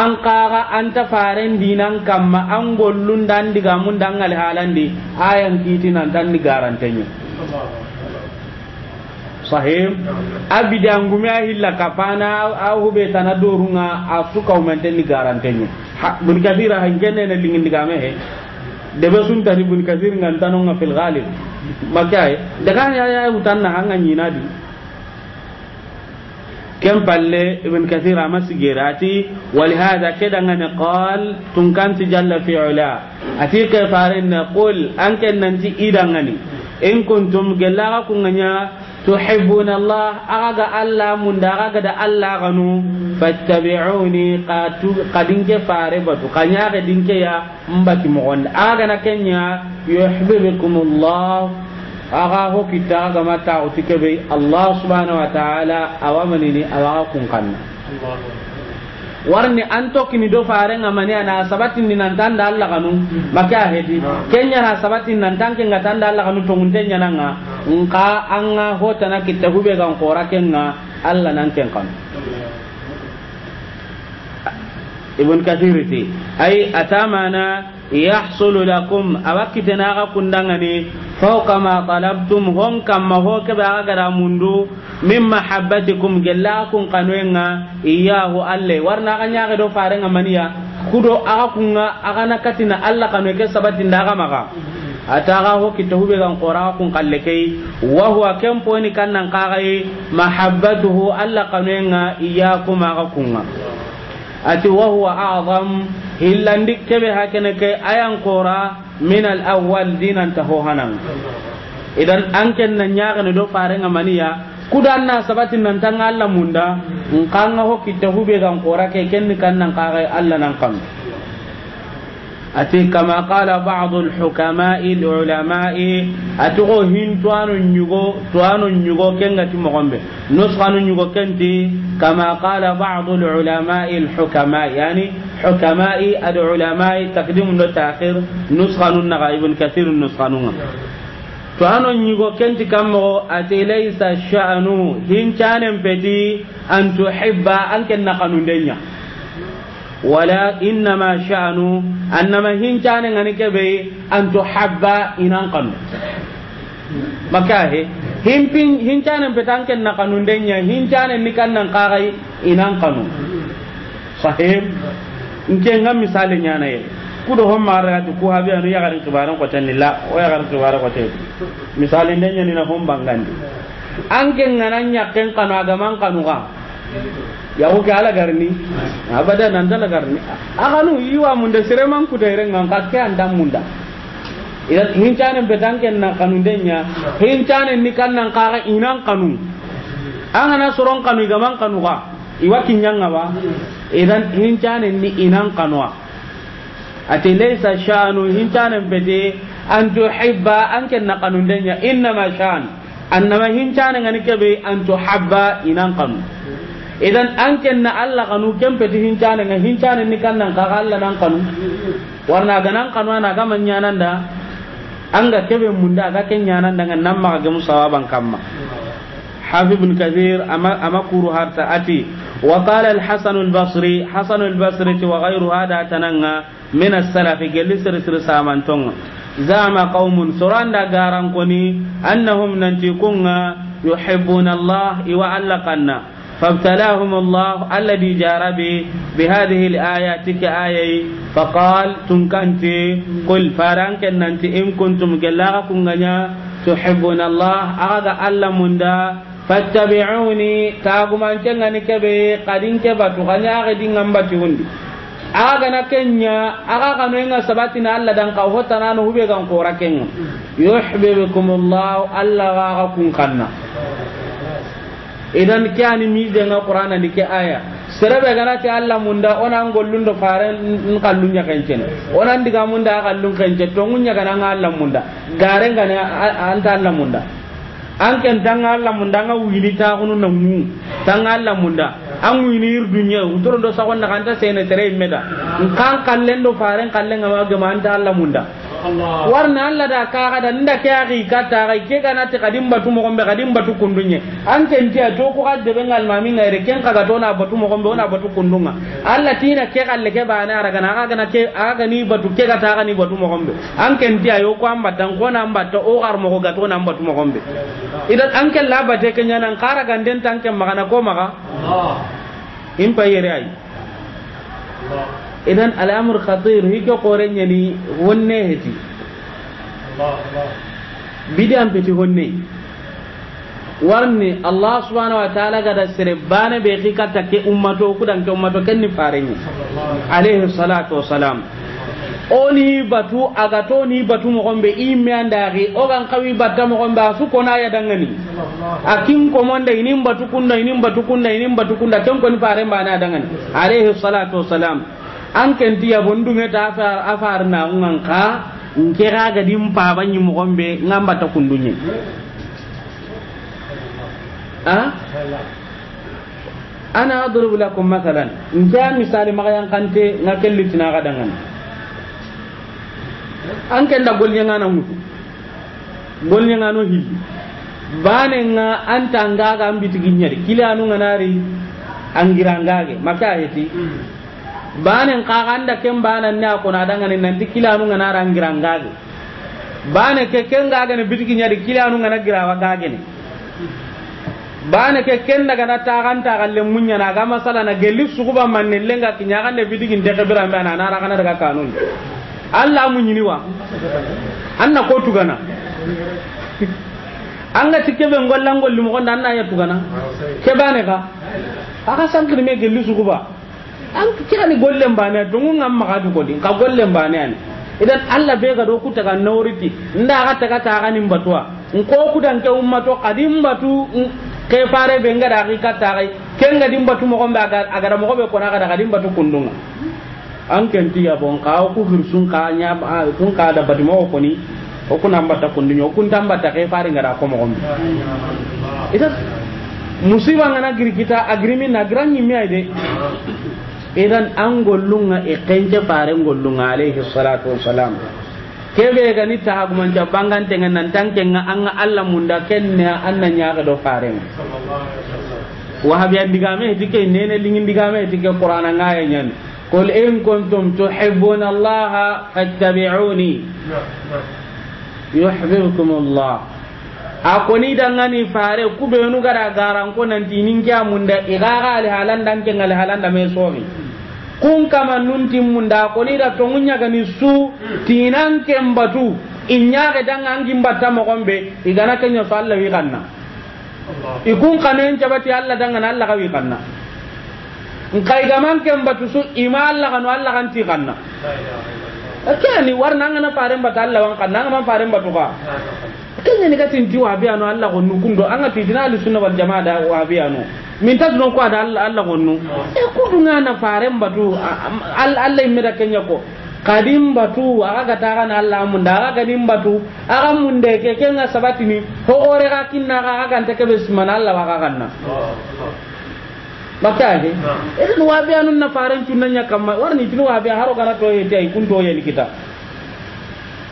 an kaga anta faren dinan kamma an gollun dan diga mun dan al halandi ayan kitinan dan digarantenyo sahih abidan gumi ahilla kafana ahu be tanadurunga afuka umenten digarantenyo bun kathira hanjene ne lingin digame he debe sun tani bun kathir ngan tanonga fil ghalib makai daga ya ya utanna hanga di كم بل ابن كثير أما سجيراتي ولهذا كده أنا قال تنكنت جل في علا أتيك فارن قل أنك ننتي إذا إن كنتم جلاغا كنغنيا تحبون الله أغا الله من داغا دا الله غنو فاتبعوني قدنك فاربة قنيا قدنك يا مبكي مغن أغا نكنيا يحببكم الله aga ho kita gama ta utike be Allah subhanahu wa ta'ala awamani ni awaga kun kanna warni an kini do farenga mani ana sabatin ni nan Allah kanu maka hedi kenya na sabatin nan tanke nga tanda Allah kanu to munte nyananga nka anga ho tana kita hube ga qora kenga Allah nan ken kan ibn kathir ti ay atamana yahsulu lakum awakitena aga kundangani fawqa ma talabtum hon kamma ho kebe aga gara mundu min mahabbatikum gella kun kanoenga iyahu alle warna aga nyaage do farenga maniya kudo aga katina aga nakatina alla kanoe ke sabatinda aga maga ataga ho kitta hube gan qora kun kalle kai wa huwa kan poni kannan kagai mahabbatuhu alla kanoenga iyakum aga kunga ati wa huwa a'zam hillandi kebe hakene ke ayan kora min al awwal dinan taho idan an kenna nyaagane do fare ngamaniya kudan na sabati nan tan Allah munda in kan ho kitta hube gan qura ke ken kan nan kare Allah nan kam أتي كما قال بعض الحكماء العلماء أتغو هنتوان نيغو توان نيغو كنغتي مغمب نسخان نيغو كنتي كما قال بعض العلماء الحكماء يعني حكماء العلماء تقديم التأخير نسخان النغائب كثير نسخان توانو نيغو كنت كامو اتي ليس شانو هين كانن بدي ان تحب انك نقنو دنيا wala innama sha'nu annama hincane ngani kebe an to habba inan kanu maka he himpin hincane petanken na kanu denya hincane ni kannan kagai inan kanu sahib nke nga misale nyana ye kudo hon mara ku habi anu ya garin kibaran ko tan la o ya garin kibaran ko tan misale denya ni na hon bangandi anke ngana nyakken kanu agaman kanu ga ya ke ala garni abada nan dala garni aganu iwa munda sireman ku ire ngan ka ke anda munda ila hincane betan ken na kanun denya hincane ni kan nan kara inan kanu na soron kanu man kanu ka iwa kinyanga ba idan hincane ni inan a ati laysa sha'nu hincane bete an tuhibba an ken na kanun denya inna ma shan annama hincane ngani kebe an tuhabba inan kanu idan an kenna Allah kanu kempe ti hincane nga hincane ni kannan ka Allah nan kanu warna ga nan kanu ana ga manya nan da an ga kebe munda ga kenya nan daga nan ma ga musawaban kamma hafi ibn kathir ama ama kuru harta ati wa qala al hasan al basri hasan al basri wa ghayru hada tananga min as salaf gelli sir sir samantonga zama qaumun suranda garan koni annahum nanti kunga yuhibbuna allah wa allaqanna فابتلاهم الله الذي جاربي بهذه الآيات كآية فقال تنكنت قل فرانك أنت إن كنتم جلاغكم غنيا تحبون الله هذا ألا مندا فاتبعوني تاغما كنغني كبي قدين كباتو غنيا غدين غنباتي هندي aga كنيا kenya aga سباتنا ألا sabatina alla dan ka hota nanu hube gan kora kenya yuhibbukumullahu idan ke ani mije nga qur'ana ni ke aya serebe gana ti alla munda ona ngollun do fare n kallun nya kencen ona ndiga munda kallun kencen to ngunya gana nga alla munda gare ngana anta alla munda an ken tanga alla munda nga wili ta kunu na mu tanga alla munda an wini ir dunya utoro do sakon na kanta sene tere meda kan kallen do fare kallen nga ma gamanta alla munda warna allah da dan da nda ke ka ta ga ke kana ta kadim batu mo gombe kadim batu kundunye an ken tiya to ko hadde ben al mami re ken ga to na batu mo gombe na batu kundunga allah tina ke le ke ba na kana ga na ke ga ni batu ke ta ga ni batu mo gombe an ken tiya yo ko amba dan ko na amba to o gar mo ga to na amba batu mo gombe idan an ken labate ken yana kara tan tanke magana ko maga in pa yere ai idan al'amur khatir hike koren ni wonne heti bidan peti honne warni allah subhanahu wa ta'ala da sere bana be ta ke ummato dan ke ummato ken ni ni alayhi salatu wassalam oni batu aga to ni batu mo gombe imme ri o gan kawi batta mo gombe asu kona ya dangani akin ko monda inin batu kunna inin batu kunna inin batu kunna ken ko ni fare bana dangani alayhi salatu wassalam an kenti ya bondunge ta afar na ngan ka nke ga ga dim pa banyi mo gombe ngamba ta kundunye a ana adrubu lakum masalan nke misali maka yang kante ngakelli tina kadangan an kenda golnya ngana mutu golnya ngano hilli bane nga anta ngaga ambitiginyari kila anu nganari angirangage maka heti mm. banen kaganda ken banan ne akona dangane nanti kilanu ngana rangirangage bane ke ken gagene bitiki kila kilanu ngana girawa ne bane ke ken daga na taganta galle munya na ga masala na gelli man manne lenga kinya ne bitiki ke birambe na na ragana daga kanun Allah mun yini wa anna ko tugana an ga tike ben gollan gollu mo gonda anna ya tugana ke bane ka aka sankirme gelli kuba an kira ni gollen bane dungu ngam ma gadu kodi ka gollen bane an idan Allah be ga do ku taga nawriti nda ga taga ta ga nim batwa in ko ku dan ke ummato qadim batu ke fare be ngada ga ka ta ga ke ga dim batu mo gombe aga aga mo gombe ko na ga ga dim batu kundunga an ken tiya bon ka ku hirsun ka nya kun ka da mo ko ni o kun ambata kundunyo kun tambata ke fare da ko mo gombe idan musiba ngana girgita agrimin na gran mi ay de idan an gollunga e kenje farin gollunga alaihi salatu wassalam kebe ga ni tahaguman ja bangan tenga nan tankenga allah alla munda kenne anna nyaga do farin. fare wahabiya digame dike nene lingin digame dike qur'ana ngaya nyan قل إن كنتم تحبون الله فاتبعوني يحببكم الله akoni dangani fare kubenu gara garan ko nanti ninja munda igara al halan dan kengal halan da me somi kun kama nun timmunda koni da to ngunya gani su tinan kembatu inya ga danga angin batta mo gombe igana kenya so Allah wi kanna ikun kanen jabati Allah danga na Allah wi kanna in kai gaman kembatu su ima Allah kanu Allah kan ti kanna kani war nanga na faren ba dalla wan kan nanga man faren ba to ka kanya ni gatin ti wabi ano Allah ko nu kundo anga ti dina alu sunna wal jamaa da wabi ano min ta don ko da Allah Allah e ko nu e ku dunga na faren ba to Allah mi da kanya ko kadim batu aga gata kana Allah mun da aga gadim batu aga mun de ke kenga sabati ni ho ore ka kinna ka aga nteke besman Allah wa ka kanna oh, oh. makkaake eden waaɓe anun na tunan ya kamma warni tinu waaɓe haro gara to yeti ay kun to yeni kita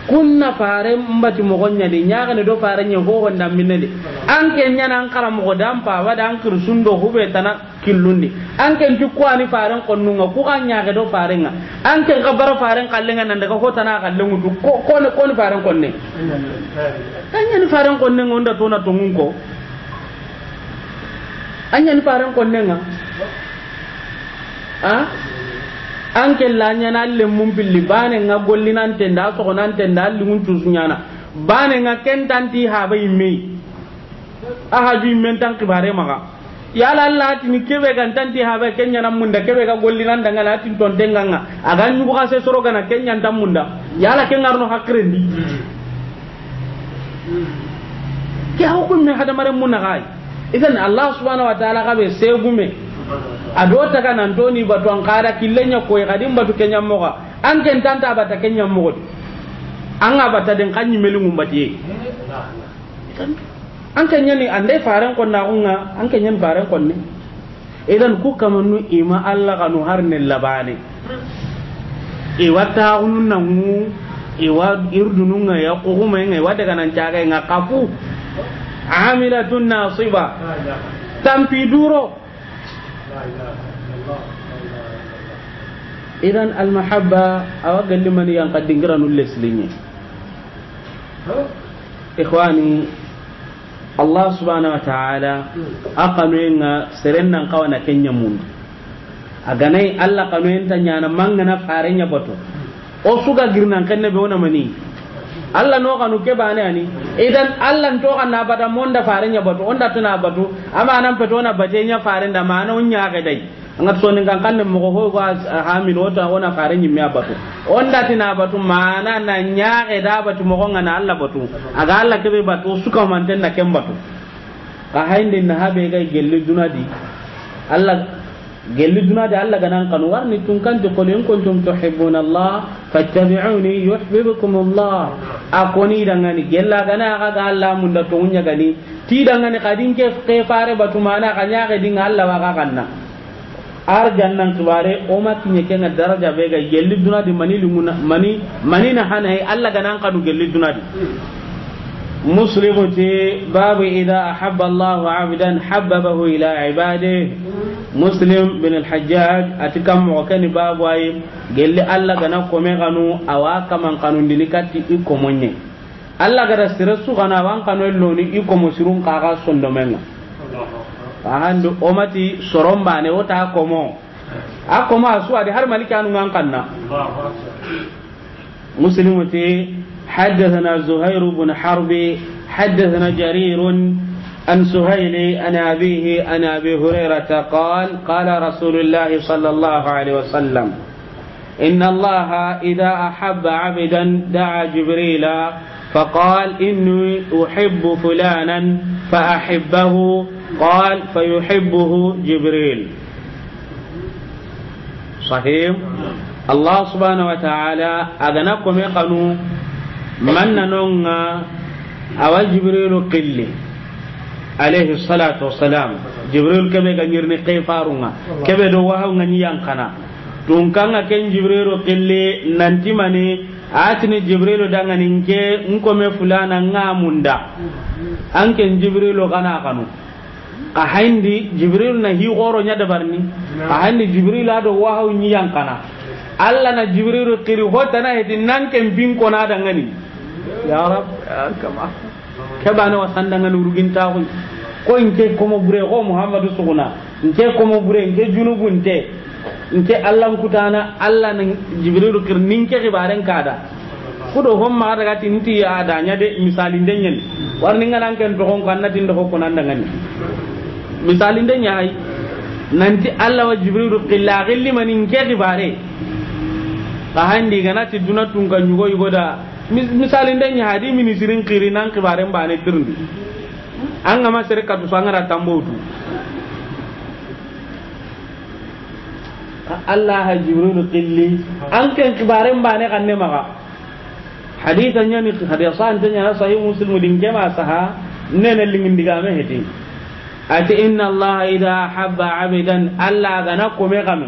kun na faran mbati mogon ñadi ne do faran ñe ho won minne de an ke ñana an kara mogo dan pa wada an kir sundo hube tana killundi an ke ju ko ani fare konnunga ku an ñage do faran nga an ke gabara faran kallenga nan daga hotana kallengu du ko ko ne ko ne fare konne kan ñani faran konne ngonda to na tungun ko anya ni faran konnenga a an kella nya na alle mun billi bane nga golli nan tenda so ko nan tenda alli mun tusu nyana bane nga kentanti ha bai me a haju men tan kibare maga yala alla tini kebe gan tanti ha bai kenya nan munda kebe ga golli nan danga la ton denga nga aga nyu ka se soro gana kenya tan munda yala ken ngarno hakre hmm. ni ke hukum ne hada mare mun gai idan allah subhanahu wa ta'ala ga be segume ado taga nan toni batu an kara killenya koy kadim to kenya ga an ken tanta ta kenya mogo an ga bata den mun ba umbati an kenya ni andai faran konna unga an kenya faran konne idan ku nu ima allah kanu har ne labane e wata hunun nan mu e wa irdununga ya ko kuma yin e wada kanan caga nga kafu amilatun nasiba tampi duro idan al almahabba awa galli mani yang kadingira nulle silinye ikhwani allah subhanahu wa ta'ala akanuyenga serennan kawana kenya mundu aganai allah kanuyen ta nyana mangana farenya bato o suga girnan kanne be wona mani Allah no kanu ke bane ani idan Allah to kan na bada monda ya batu onda tuna batu amma nan peto na batenya farenda mana unya ga dai an ga sonin kan ne mo ho ga ah, hamin wota ona farenyi me batu onda tuna batu mana na nya ga da batu mo na Allah batu aga Allah ke batu suka manten na kem batu ka hain din na habe ga gelle dunadi Allah gelli duna da Allah ganan kanu warni tun kan ko len kon tum tuhibbuna Allah fattabi'uni yuhibbukum Allah akoni dangani gella gana aga ga Allah mun da tunya gani ti dangani kadin ke ke fare batumana kanya ga din Allah wa ga kanna ar jannan tubare o ma tinye ke na daraja be ga gelli duna di mani mani mani na hanai Allah ganan kanu gelli duna di مسلم تي باب إذا أحب الله عبدا حببه إلى عباده مسلم بن الحجاج أتكم وكان باب واي قال لي ألا غنا كومي غنو أواكا من قانون دلكاتي إيكو مني ألا غدا سرسو غنا وان قانون اللوني إيكو مسرون قاقا سندومين أهند أمتي سرم باني وتا كومو أكوما أسوا دي هر مالكي أنو غان قنا مسلم تي حدثنا زهير بن حرب حدثنا جرير عن سهيل عن أبيه عن أبي هريرة قال قال رسول الله صلى الله عليه وسلم إن الله إذا أحب عبدا دعا جبريل فقال إني أحب فلانا فأحبه قال فيحبه جبريل صحيح الله سبحانه وتعالى أذنكم يقنوا man nanonga awa jibrilu qilli alayhi salatu wassalam jibril kebe ga nyirni qifarunga kebe do wahunga nyiyankana tun kanga ken jibrilu qilli nantimani atini jibrilu dangani nke nkome fulana ngamunda anken jibrilu kana kanu a haindi jibril na hi goro nya dabarni a haindi jibril ado wahau nyiyankana alla na jibrilu qiri hotana hedi nanken bin kona dangani ya rab kama kebane na sandanga nuruginta ko ko inte komo bure ko muhammadu suguna inte komo bure nke junubu inte nke allan kutana allah nan jibrilu kir ke kibaren kada kudo hom ma daga tinti ya adanya de misali denyen ni ngana ken to kon kanna tin ko nan daga ngani misali denya hay nanti allah wa jibrilu qilla gilli manin ke kibare ta handi ganati dunatun kan yugo yugo da misali nden ya hadi minisirin kiri nan kibaren ba ne dirin an ga sere katu so an gara tambo tu Allah ha jibril qilli an kan kibaren ba ne kan ne maka hadithan yani hadithan tan yana sahih muslim din ma saha ne ne lingin diga me hedi ati inna Allah idha habba abidan Allah gana kome kam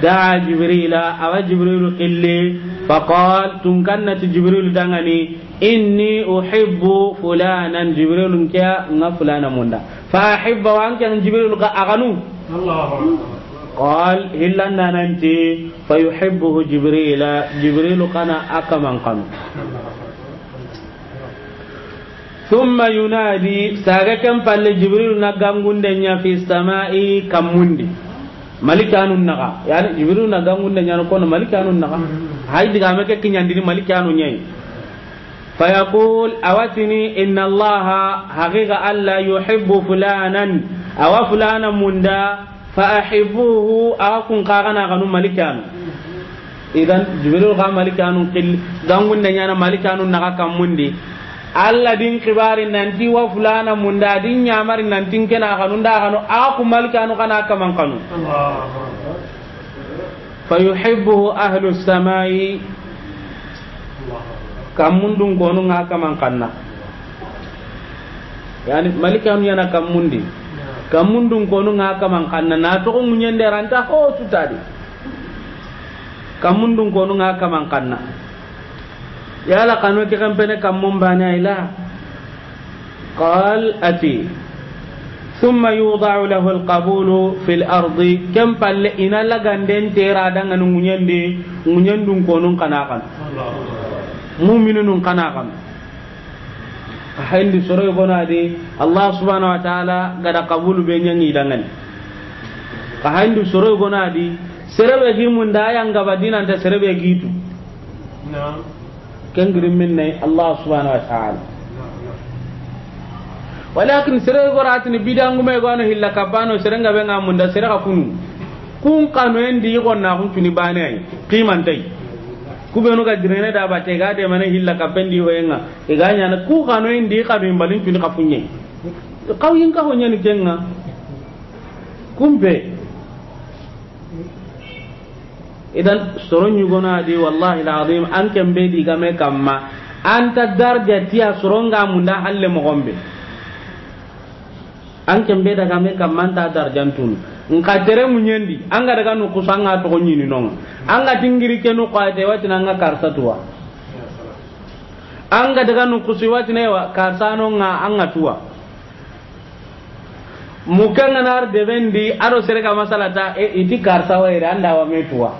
da jibrila awa jibril qilli Ka kool tunkannati Jibreelu daangani inni wuu xibbu filaana Jibreelu kaa nga filaana munda. Fa xibbawwaan keessatti Jibreelu kaa arganuu. Kool hin laanaanantee fa yu xibbuhu Jibreela Jibreelu qana akkuma qonu. Summa yuuna adii saaka kan palli Jibreelu naggaan guddeenyaa fi samaa'ii kan mundi. malikanu naga yani ibiru na gangun da nyano kono malikanu naga mm-hmm. hay diga me ke kinyan diri malikanu nyai fa yaqul awatini inna allaha haqiqa alla yuhibbu fulanan aw fulana munda fa ahibbuhu aw kun qagana ganu malikanu idan jibril ga malikanu qil gangun da nyana malikanu naga kamundi Allah din kibari nanti wa fulana munda din nyamari nanti kena kanu da kanu a aku malika anu kana kaman kanu Fa fayuhibbuhu ahlu samai kamundun gonu nga kaman kanna yani malika anu yana kamundi kamundun gonu nga kaman kanna na to ko munyende ranta ho tutadi kamundun gonu nga kaman kanna yala kanu ke kan pene kam mum bana ila qal ati thumma yudau lahu alqabulu fil ardi kam palle ina la ganden tera danga ngunyande ngunyandun konun kana kan mu'minun kana kan ahindi soroy gonadi allah subhanahu wa ta'ala gada qabulu be nyangi dangan ahindi soroy gonadi serebe gi mun da yang gabadina ta serebe gitu na'am min minne allah subhanahu wa ta'ala walakin sere bidan bidangume gano hilla kabbano sere ngabe ngamunda da ka kunu kun kano endi yigonna kun tuni bane ay qimantai kubenu ga direne da bate ga de mane hilla kabbendi hoyenga e ga na ku kano endi kano imbalin cuni kafunye kawyin ka honya ni jenga kumbe idan soron yugona di wallahi alazim an kan be di game kamma an ta darja tiya soron ga munda halle mo gombe an kan be daga me kamma ta darjan tun in ka tere mun yendi an ga daga nu kusanga to nyini non an ga tingiri ke nu kwa te wati nan ga karsa tuwa an ga daga nu kusi wati ne wa karsa no nga an ga tuwa mukanga nar devendi aro ka masala ta e, iti karsa wa ira anda wa me tuwa.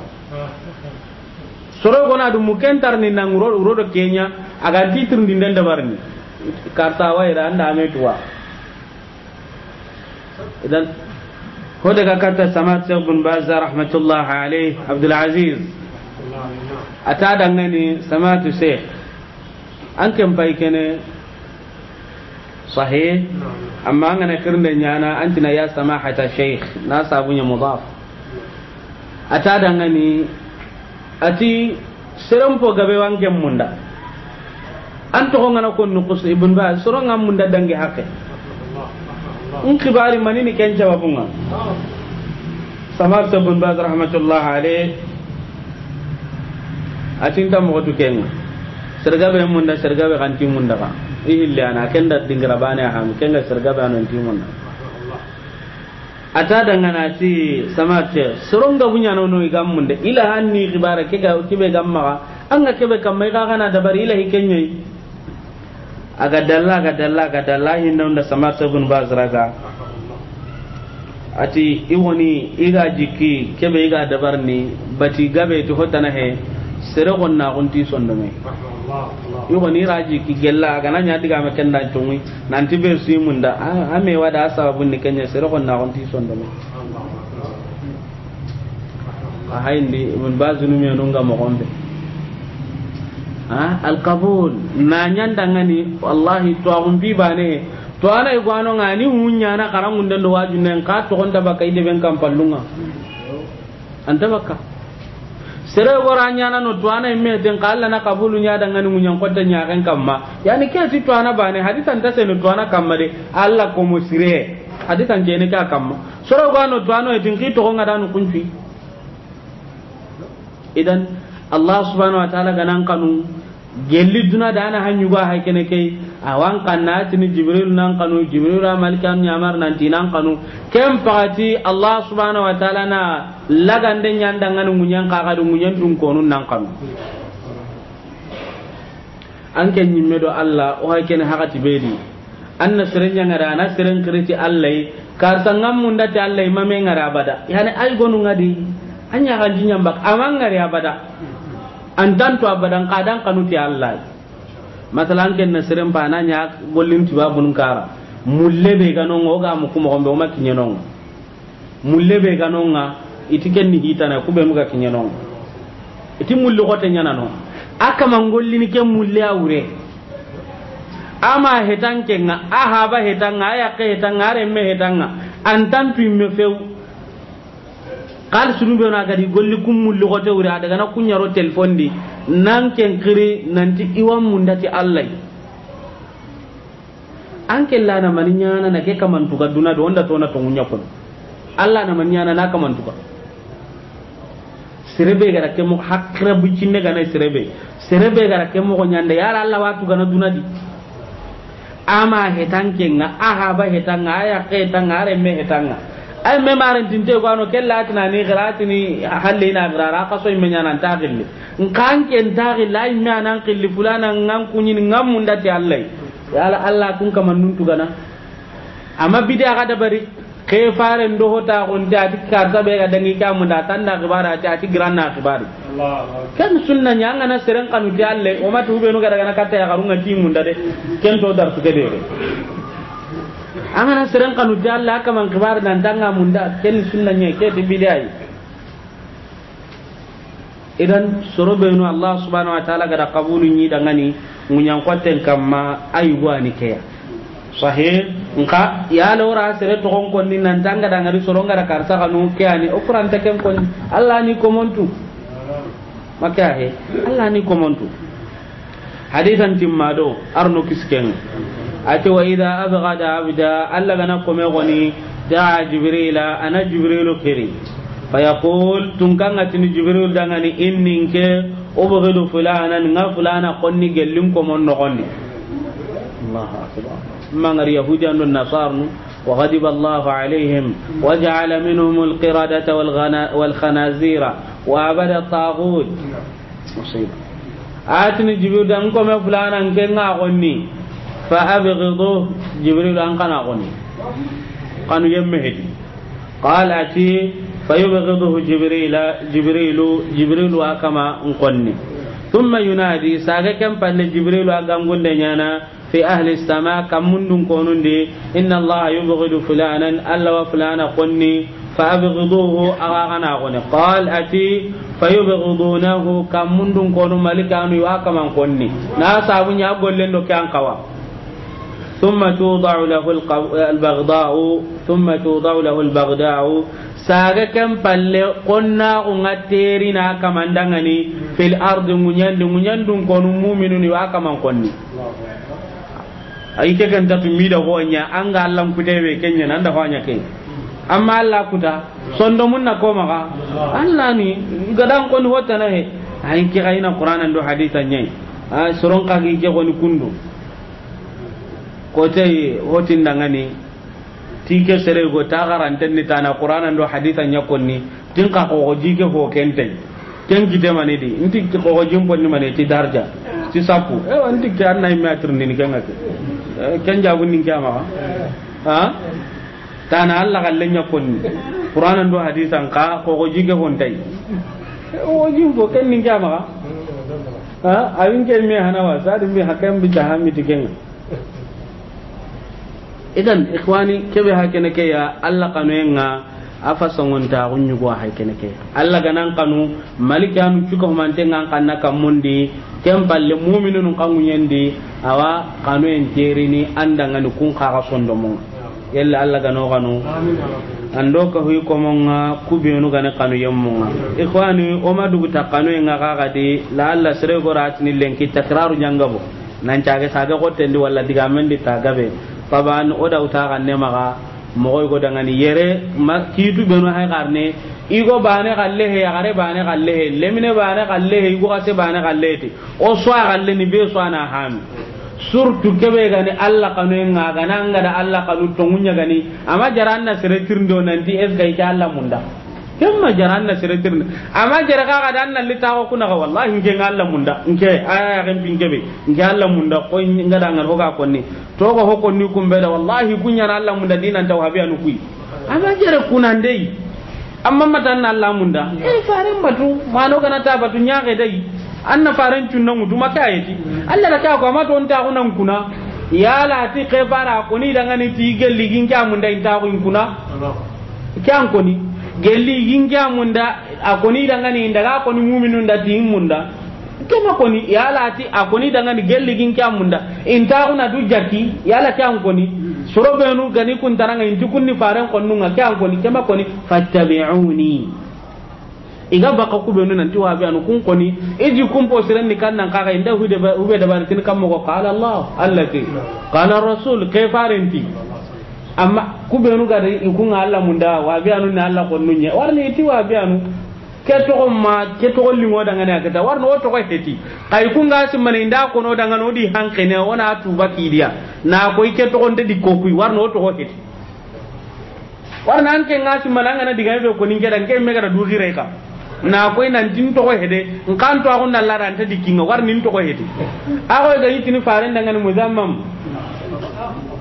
soro gona du muken tarni na nguro uro do kenya aga titir din dabar ni. karta wa ira anda ame tuwa idan ko daga karta samat sheikh bin baz rahmatullah alayh abdul aziz ata ni samat sheikh an kan bai kene sahih amma ngana kirnde nyana antina ya samahata sheikh na sabunya mudaf ata dangani ati po gabe wange munda an ko ngana ko nukus ibn ba soro ngam munda dangi hakke in kibari manini ken jawabunga samar ibn baz rahmatullah alayh atinta mo to ken serga be munda serga be ti munda ka ihilla ken kenda dingra ha ken ga serga be anan ti munda A ta dangana ti samate ga bunya no no da ila hanni gibara ke ga kibe gamma anga kebe kamma ga da bari ila a aga dalla ga dalla ga dalla hinna unda samate bun bazraga ati iwoni iga jiki kebe iga dabar ni bati gabe to hotana he sere na gonna gonti sondome yugo ni raji ki gella gana nya diga ma kenda tumi tungi nanti be su me wa da sababu ni kenya sere na ti gonti sondome a hain hayndi ibn baz nu me ga mo gombe ha al qabul na nya nyanda ngani wallahi to agun bi ba ne to ana gwanon igwano ngani munya na karamun dan do wajun nan ka to da gonda bakai de ben kam pallunga anta bakka sere gora nyana no tuana imme den kala na kabulu nya da ngani munyan kwata nya kan kamma yani ke ti tuana bane hadisan ta sai no tuana kamma de alla ko mo sire hadisan je ne ka kamma sore gora no tuano edin ki to ngada no kunfi idan allah subhanahu wa ta'ala ganan kanu gelli duna dana hanyugo hay kene kay awan kanna tini jibril nan kanu jibril amalikan nyamar nan tinan kanu kem pagati allah subhanahu wa ta'ala na lagande nyandangan munyan kaga dum munyan dun konun nan kanu an ken nyimme do allah o hay kene hakati bedi anna sirin nyangara na sirin kriti allah kar sangam munda ta allah mame ngara bada yani ay gonu ngadi anya ganjinya mbak amang ngari abada an dan to abadan kadan kanu ti Allah masalan ken na fa pa nanya gollin ti babun kara mulle be ganon o ga mu kuma gombe o makinye non mulle be ga itiken ni hitana kube mu ga kinye non iti mulle ko yana nan aka man gollin ken mulle awure ama hetan ken nga aha ba hetan nga ya ke hetan nga re me hetan nga an tan tu me feu kal sunu be na gadi golli kum mulli ko te wuri daga na kunya ro telefon di nan ken kiri nanti iwan mun dati allah an kella na maninya na na ke kaman tuka duna do onda to na tongunya ko allah na maninya na na kaman tuka serebe gara ke mo hakra bu cinne gana serebe serebe gara ke mo nyande ya allah watu gana duna di ama hetanke nga ahaba hetanga aya tan are me hetanga ay me maran tinte ko ano kella tina ni girati ni halle na grara ka so imenya nan ta gilli kan ken ta gilli ay me anan gilli fulana ngan kunyin ngam munda ti allah ya la allah kun kama nun tu gana amma aga da bari ke fare ndo hota on da dikka ka ta be ga dangi ka munda tan da gbara ta ti giranna gibari kan sunna nya ngana seren kanu ti allah o matu be no ga daga na kata ya garunga ti munda de ken to dar su ke de angana seren kanu dalla kaman kibar nan danga munda ken sunna nye ke te bidai idan soro benu allah subhanahu wa ta'ala gada qabulu nyi dangani munyan kwaten kamma ayuwa ni keya sahih nka ya lora sere to kon kon nan danga danga ri soro ngara karsa kanu ke ani okuran te ken kon allah ni komontu maka he allah ni komontu hadithan timmado arno kisken ati wa idha abghada abda alla gana kome goni da jibrila ana jibrilu khiri fa yaqul tunkanga tin jibril danga ni inninke ubghidu fulana nga fulana qonni gellum ko mon nogonni allah akbar mangar yahudi an nasar nu wa ghadiba allah alaihim wa ja'ala minhum al qirada wal wal khanazira wa abada taghut musib atni jibril dan kome fulana nga gonni fa abghidu jibril an kana goni kanu yemme qala ati fa yubghiduhu jibril jibril jibril wa kama unqanni thumma yunadi saga kam panne jibril wa gangunde nyana fi ahli sama kam mundun konundi inna allaha yubghidu fulanan alla wa fulana qanni fa abghiduhu aga kana goni qala ati fayubghidunahu kam mundun konu malikanu wa kama konni na sabun ya gollendo kan kawa ثم توضع له البغضاء ثم توضع له البغضاء ساغا كم بل قلنا غتيرنا كما دغني في الارض منيند منيند كون مؤمنون وكما كوني ayike kan tatu mi da honya an ga Allah ku de be kenya nan da honya kai amma Allah ku sondo mun na koma ga Allah ni gadan kon hota na he ayin ga ina qur'anan do nyai a ka kundu kotai hotin ngani tike sere go ta garanten ni tana qur'ana ndo haditha ni tin ka ko go jike ho kente ken kite mani di inti ko go jimpo ni mani ti darja ti sapu e wanti ke annai metr ni kan eh ken jabu ni kama ha tana alla galle ni qur'ana ndo haditha ka ko go jike hon tai e, o jimpo ken ni kama ha awin ken me hanawa sadu me hakan bi jahami ken. idan ikhwani kebe ha kene ke ya alla kanu nga afa songon ta gunyu go ha kene ke alla ganan kanu maliki anu chuko mante nga kanna kamundi kem palle mu'minun kanu yendi awa kanu en terini andanga nu kun kha ga sondo mo yella alla gano kanu ando ka hu ko monga kubi onu gane kanu yemmonga ikhwani o madu buta kanu nga ga ga di la alla sere go ratni lenki takraru nyangabo nan chaage saage ko tendi wala digamendi tagabe taban o dauta kan ne maga mogoy dangani yere ma kitu beno hay garne igo bane galle he yagare bane galle he lemine bane galle he igo kase bane galle te o so galle ni be so ana ham surtout kebe gani alla kanu nga gana nga alla kanu to munya gani amma jaranna sere tirndo nanti es ga ita alla munda kemma jara anna siratirna amma jara ka kada anna li kuna ga wallahi nke nga alla munda nke ayaxen da ngal alla ko ni to ko konni ni kum be da wallahi kuñana alla munda habi anu kui amma jara ndei amma matan na alla munda e faren batu n'o kana ta batu ga dai anna faren cunna ŋutu make ayeti alla da ka ko ama ton taxunan kuna yala ti ke fara koni ngani ti gelli ke munda in ko in kuna ko an koni gelli yinga munda akoni ni indaga akoni mu'minun da tin munda kema koni yala ti akoni ni gelli ginga munda inta kuna du jaki yala an koni soro benu gani kun taranga inti kunni faran konnunga kya koni kema koni fattabi'uni iga baka kubenu nanti wabe anu kun koni iji kun po ni kan nan kaka inda hu hube da tin kan mo qala allah allati qala rasul kayfarinti amma ku benu gari in kun Allah mun da wa bi anu ne Allah konnu nunye warni ti wa bi anu ke to ma ke to lingo daga ne akata warno to ko heti kai kun ga sim mane nda ko no daga no di hanke ne wona tu ba kidiya na ko ke to onde di ko kui warno o to ko heti warna an ke nga sim mane ngana diga be ko ninge dan ke me gara du gire ka na ko nan tin to ko hede nkan to ko na lara anta dikinga warni to ko heti a ko ga yitini faran daga ne muzammam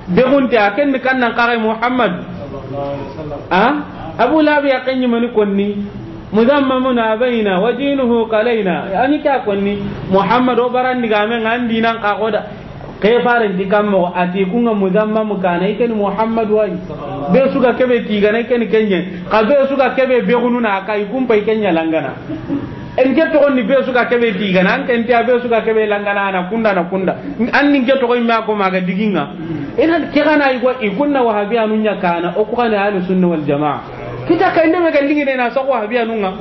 begunte a kenni kannan kare muhammad a abu labi a kenyimani konni mudammamuna baina wa dinuhu kalaina ani ka konni muhammad o barandigame ngan dinan kaxoda ke farenti kammoxo ati kunga mudammamu kana i muhammad wai be kebe keɓe tigana i keni kenye xa be suga keɓe begununa a ka kumpa i kenyalangana en ke to ni besu ka kebe diga nan ken ta besu ka kebe langana na kunda na kunda an ni ke to ko ma ko maga diginga ina ke kana kunna ikunna wahabiya nunya kana o ko kana ahlus sunna wal jamaa kita ka inda maga lingi na sa wahabiya nunga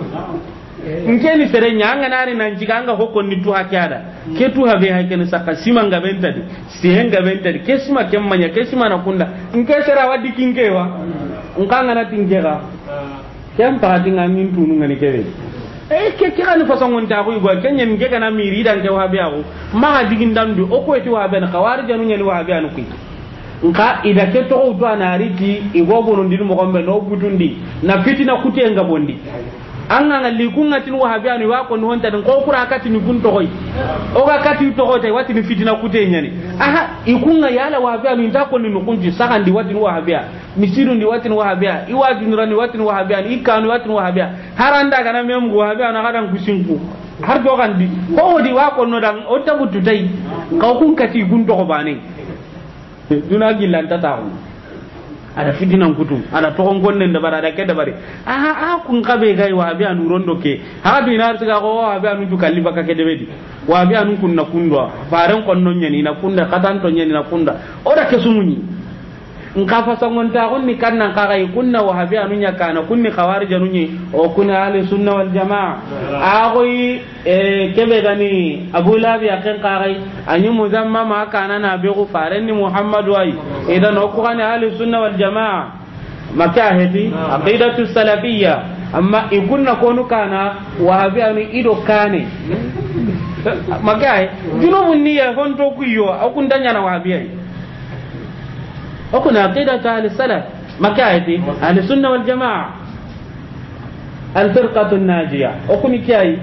ke ni sere nyanga ni nan jiga nga hokko ni tu hakyada ke tu habe hay ken saka sima nga benta di sihen ga benta di kesima ke kesima na kunda nke sera wa wadi kingewa nkanga na tingera pa dinga min tunu ngani kebe ay eh, ke ke kan fason on ta ko yugo e ken nyen ke kana miri dan ke wahabi aku ma ga digin dan du o ko eti wahabi na kawari janu nyen wahabi anu ku nka ida ke to do anari ti igogo non din mo gombe no gutundi na fitina kutenga bondi an ga ngalli kungatin wahabiyanu wa wako ni honta ni kura kati ni kun hoi oka kati tokoy tay wati ni fitina kute nyani aha ikunga yala wahabiyanu inta ko ni nukunji ndi wati ni wahabiya misiru ndi wati ni iwa iwaju ni wati ni wahabiya ikanu wati ni wahabiya haranda kana miyamu go na kadan kusinku har do gandi ko odi wa ko no dan o tabutu tay ka kun kati kun toko bane duna gillanta ada fitina kutum ada togon gonnen da bara da ke da aha a kun kabe gai wa abi anu rondo ke ha bi na tiga ko wa abi anu jukalli baka ke debedi wa abi anu na kundwa faran konnon nyani na kunda katan to nyani na kunda oda ke nka fasongonta kunni kaka yi kunna wahabi anu kana kunni hawarija nuñi o kuni ahli sunna waljamaa axoy e, keɓe gani labi a kaka yi anyu muzamma ma kana kanana bexu ni muhammadu ay idan o kuxani ahli sunna wal make a heti aqidatu salafiya amma i kunna konu kana wahabi anu ido kane make ahe junumun niye honto kuyo a danya na wahabi ay وكنا عقيدة أهل السلف مكايتي أهل السنة والجماعة الفرقة الناجية وكنا كاي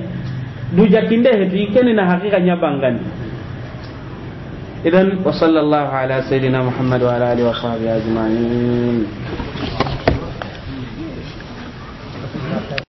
دوجا كنده في كننا حقيقة نبانغاني إذن وصلى الله على سيدنا محمد وعلى آله وصحبه أجمعين